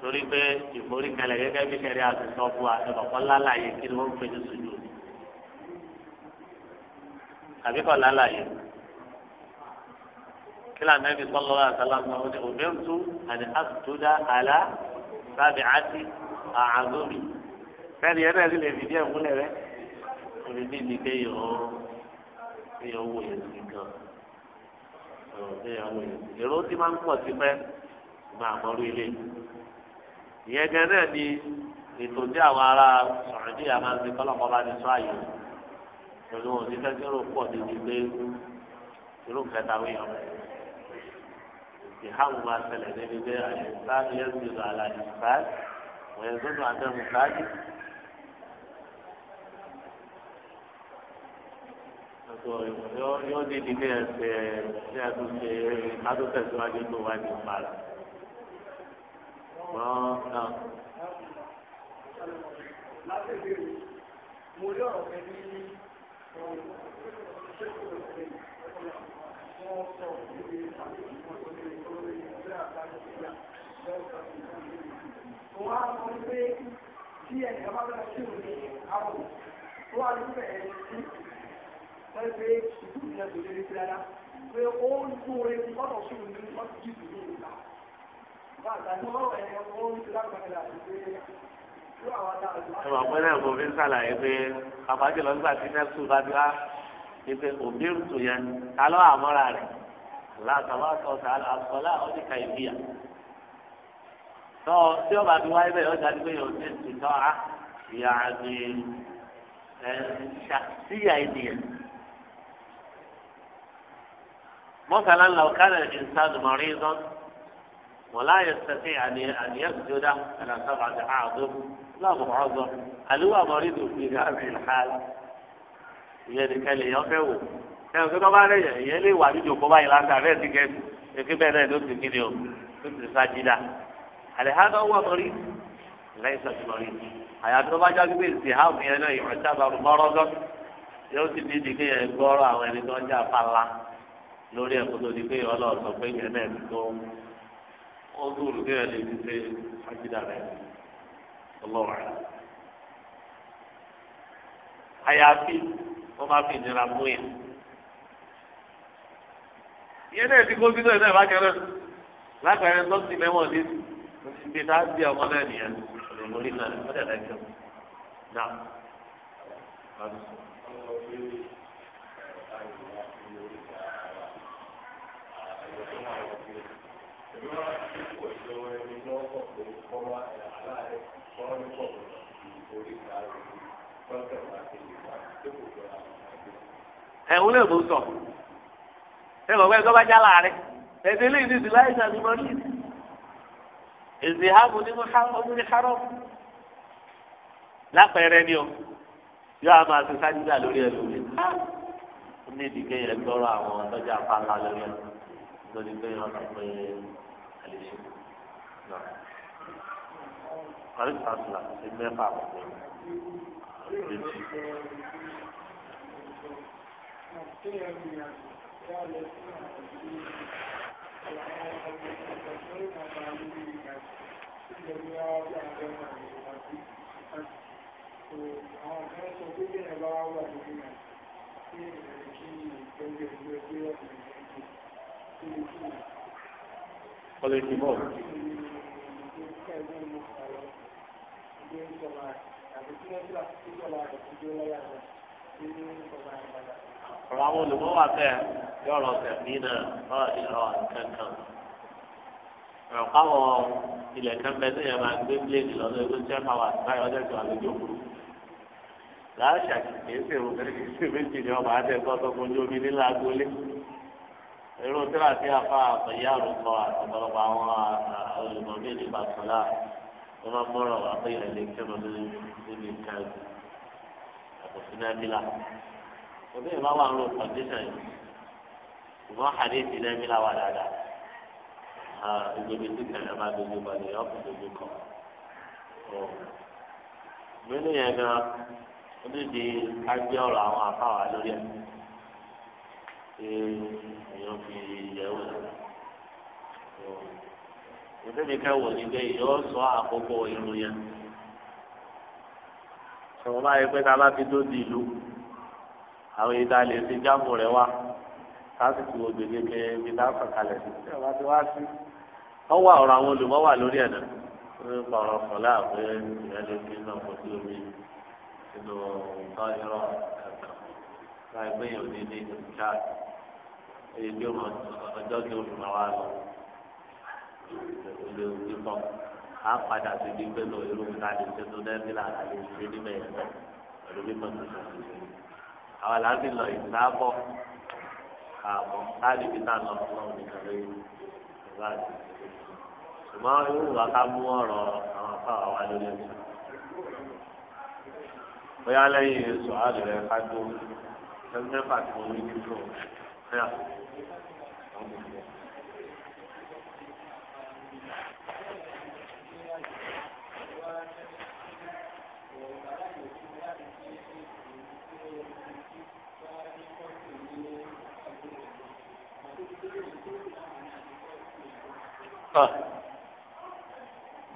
torí pé ìforí kalẹ̀ gẹ́gẹ́ bí kẹrì àtúntò fún wa ẹ̀ kọ́kọ́ lálàyé kí ló ń pè ní sùdù àbí kọ́ lálàyé kí lóò ànábì sọ́lọ́ àtàlà ń sọ òmìnirú àti àtúndà àlá sábì àti àhàzómi fẹ́ẹ̀ni ẹ̀ náà sì lè fìdí ẹ̀ múlẹ̀ rẹ̀ orí bí mi ké yọ̀ ọ́ ké yọ̀ wò yẹn sí gan ọ̀ ké yọ̀ wò yẹn sí èrò tí máa ń pọ̀ sí pẹ́ máa mọ́rú ilé ìyẹn gan náà ni ètò tí àwọn ará sọ̀rọ̀dí àmà ń fi kọ́lọ́kọ́ bá ti sọ àyè pẹ̀lú wọn ní fẹ́ẹ́ kérò pọ̀ níbi pé irú kẹta wíyàn ìháwù máa ṣẹlẹ̀ níbi pé àyẹ̀sán yẹn ti lọ àlàyé sáà wọ́n yẹn tó tó àtẹ̀wò yóò di ní ẹsẹ̀ ní ẹtúnṣe adótẹ̀síwájú tó wá ní ìpara náà. mo rí ọ̀rọ̀ kan ní wọ́n á sọ pé tí ẹ̀yà bá bẹ̀rẹ̀ sí òní àbò tó wà níbẹ̀ ẹ̀ sí wọ́n pé ìdúró ìyẹn kò lè rí sí dáadáa pé ó ń kó orin ọ̀dọ̀ sí òní ọ̀dọ̀ jù lórí ẹ mọ̀ pé náà mo fi ń ṣàlàyé pé àfáàjì lọ nígbà tí nẹ́ẹ̀sù bá ti wá ife òbí rùtù yẹn ta ló àmọ́ra rẹ̀ látàwọn àtọ̀tà àkọlá ọdíkà ìbíyà tọ́ tí ọba ti wáyé bẹ́ẹ̀ ọjà ti gbéyàwó ní ìtìtọ́ a ìyá àti ẹ̀ ṣàtìyà ènìyàn. mọ́sálà ńlá ọ̀kadà ìsádùmọ̀rí zọ́nù. ولا يستطيع أن أن يسجد على سبعة أعظم لا معظم هل هو مريض في هذه الحالة؟ يعني كان يقوى كان كده ما عليه يعني وعدي يقوم على الأرض في كيف كيف بين الناس كده كنت ساجدا هل هذا هو مريض؟ ليس مريض حياته ما جاء بالتهاب يعني يعتبر مرضا yóò ti di dike yẹn gbọ́rọ̀ àwọn ẹni tó ń jà fàlà lórí ẹ̀kọ́ tó di pé ọlọ́ọ̀sọ pé yẹn náà ti tó ó dúró kí ẹ lè fi ṣe àjìdá rẹ ọlọ́wà rẹ. àyàfi wọ́n máa fi ìnira mú yẹn. ìyẹn náà ti kó sínú ẹ̀ náà lákẹ́rẹ́ lákẹ́rẹ́ tó ti mẹ́wọ̀n ní ibi tá a di ọmọ náà nìyẹn lórí náà ó dẹ̀ lẹ́kẹ́ náà. Thank you. ẹ̀hún lè mú sọ ẹ mọ̀ pé ẹ̀kọ́ já láàrin ẹ̀sìn lè ní ìdílé àìsàn ní mọ́rí èsì hábù ní ọmọdé hárọ́ lápẹẹrẹ ni o yóò á máa ṣe sájúdà lórí ẹ lórí ó ní ìdíkẹ́ yẹn gbọ́rọ̀ àwọn ọ̀dọ́jà apáńlá lórí ẹ lórí pé wọ́n sọ pé àlejò náà. Àlejò méjì. Olha que ọ̀rọ̀ àwọn olùkọ́ wà bẹ́ẹ̀ bí ọ̀rọ̀ tẹ̀mí náà ọ̀rọ̀ ìrọ̀ kankan ọ̀rọ̀ káwọn ilẹ̀ kan bẹ́ẹ̀ sẹ́yìn máa gbé bíléèdì lọ́dọ̀ ẹgbẹ́ tí wọ́n wà báyìí ọjọ́ ìjọba lójú òkú láàṣà kìí ṣe òun kìí ṣe méjì ni ọba àti ẹ̀kọ́ tó kojú omi nílá agolé irú tíra tí a fa àpẹyà àrùkọ àtọ̀pọ̀lọpọ̀ àwọn olùmọ̀ wọ́n máa mọ́ràn wá pé ìrẹ̀lẹ̀ kẹ́rọ̀ níbi nǹkan àti sinamila òbí ìbá wà ló kọ̀ndíṣàn yìí ṣùgbọ́n àdéhùn sinamila wà dáadáa ìgbèbí tí kẹ̀lẹ́ máa dojú balẹ̀ yọ̀ kó dojú kọ̀ gbẹ́lẹ́ yẹn gan ó lè di kájẹ́ ọ̀rọ̀ àwọn afáwà lórí ẹ̀ ṣé èèyàn fi yẹ̀wò ìdíbi kẹwò nígbẹ yóò sọ àkókò irun yẹn sọ̀rọ̀ báyìí pé ká bá ti tó di ìlú àwọn ìdá lè fi jáàmù rẹ̀ wá lásìkò gbèdéke ibi tá a sọ kalẹ̀ sí tí ọba ti wá sí. wọ́n wá ọ̀rọ̀ àwọn olùmọ̀ wà lórí ẹ̀dá wọ́n pa ọ̀rọ̀ fọlá pé ìyá lè fi náà kó sí omi nínú nǹkan irọ́ kàkà láì pé èèyàn ní ní ìjà èyí tí ó mọ ọjọ́ tí ó fi máa wá lọ olè òbí kan á padà sí ibi pé lọ irú nǹkan lè ṣe tó dẹ́bí làrá lè ṣe níbẹ̀ yẹn lọ pẹ̀lú bí kan tó ṣe ṣe ṣe. àwọn aláàbí lọ ìsáàbọ̀ àbọ̀ láti fi náà lọ fún ọ̀hún nìkan lóyún ìgbà àti ṣùgbọ́n irú wa ká mú ọ̀rọ̀ àwọn afáwà wa lórí ẹ̀sìn. bóyá lẹ́yìn sọ̀hálì rẹ̀ ká tó ẹgbẹ́ mẹ́fà tó ń rí kíkọ́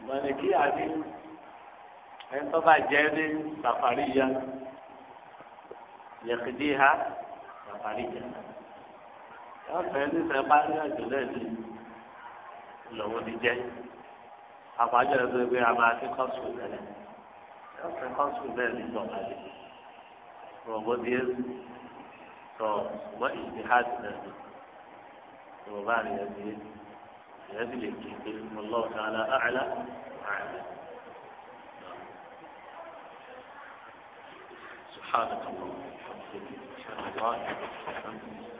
mọ̀lẹ́kí àti ẹni tó bá jẹ́ ní sàfàrí ya yẹ̀kìdí ha sàfàrí ya yóò fẹ́ ní sẹ́pá ní àjọlẹ̀ ní lọ́wọ́ ti jẹ́ àpájọ ẹgbẹ́ gbé a máa ti kọ́sù bẹ́ẹ̀ yóò fẹ́ kọ́sù bẹ́ẹ̀ ní ìjọba yìí rọ̀bọ̀ díẹ̀ sọ wọ́n ìdí ha ti dẹ̀ tó bá rí ẹ يدلك الله تعالى أعلى أعلى سبحانك اللهم وبحمدك أشهد أن لا إله إلا أنت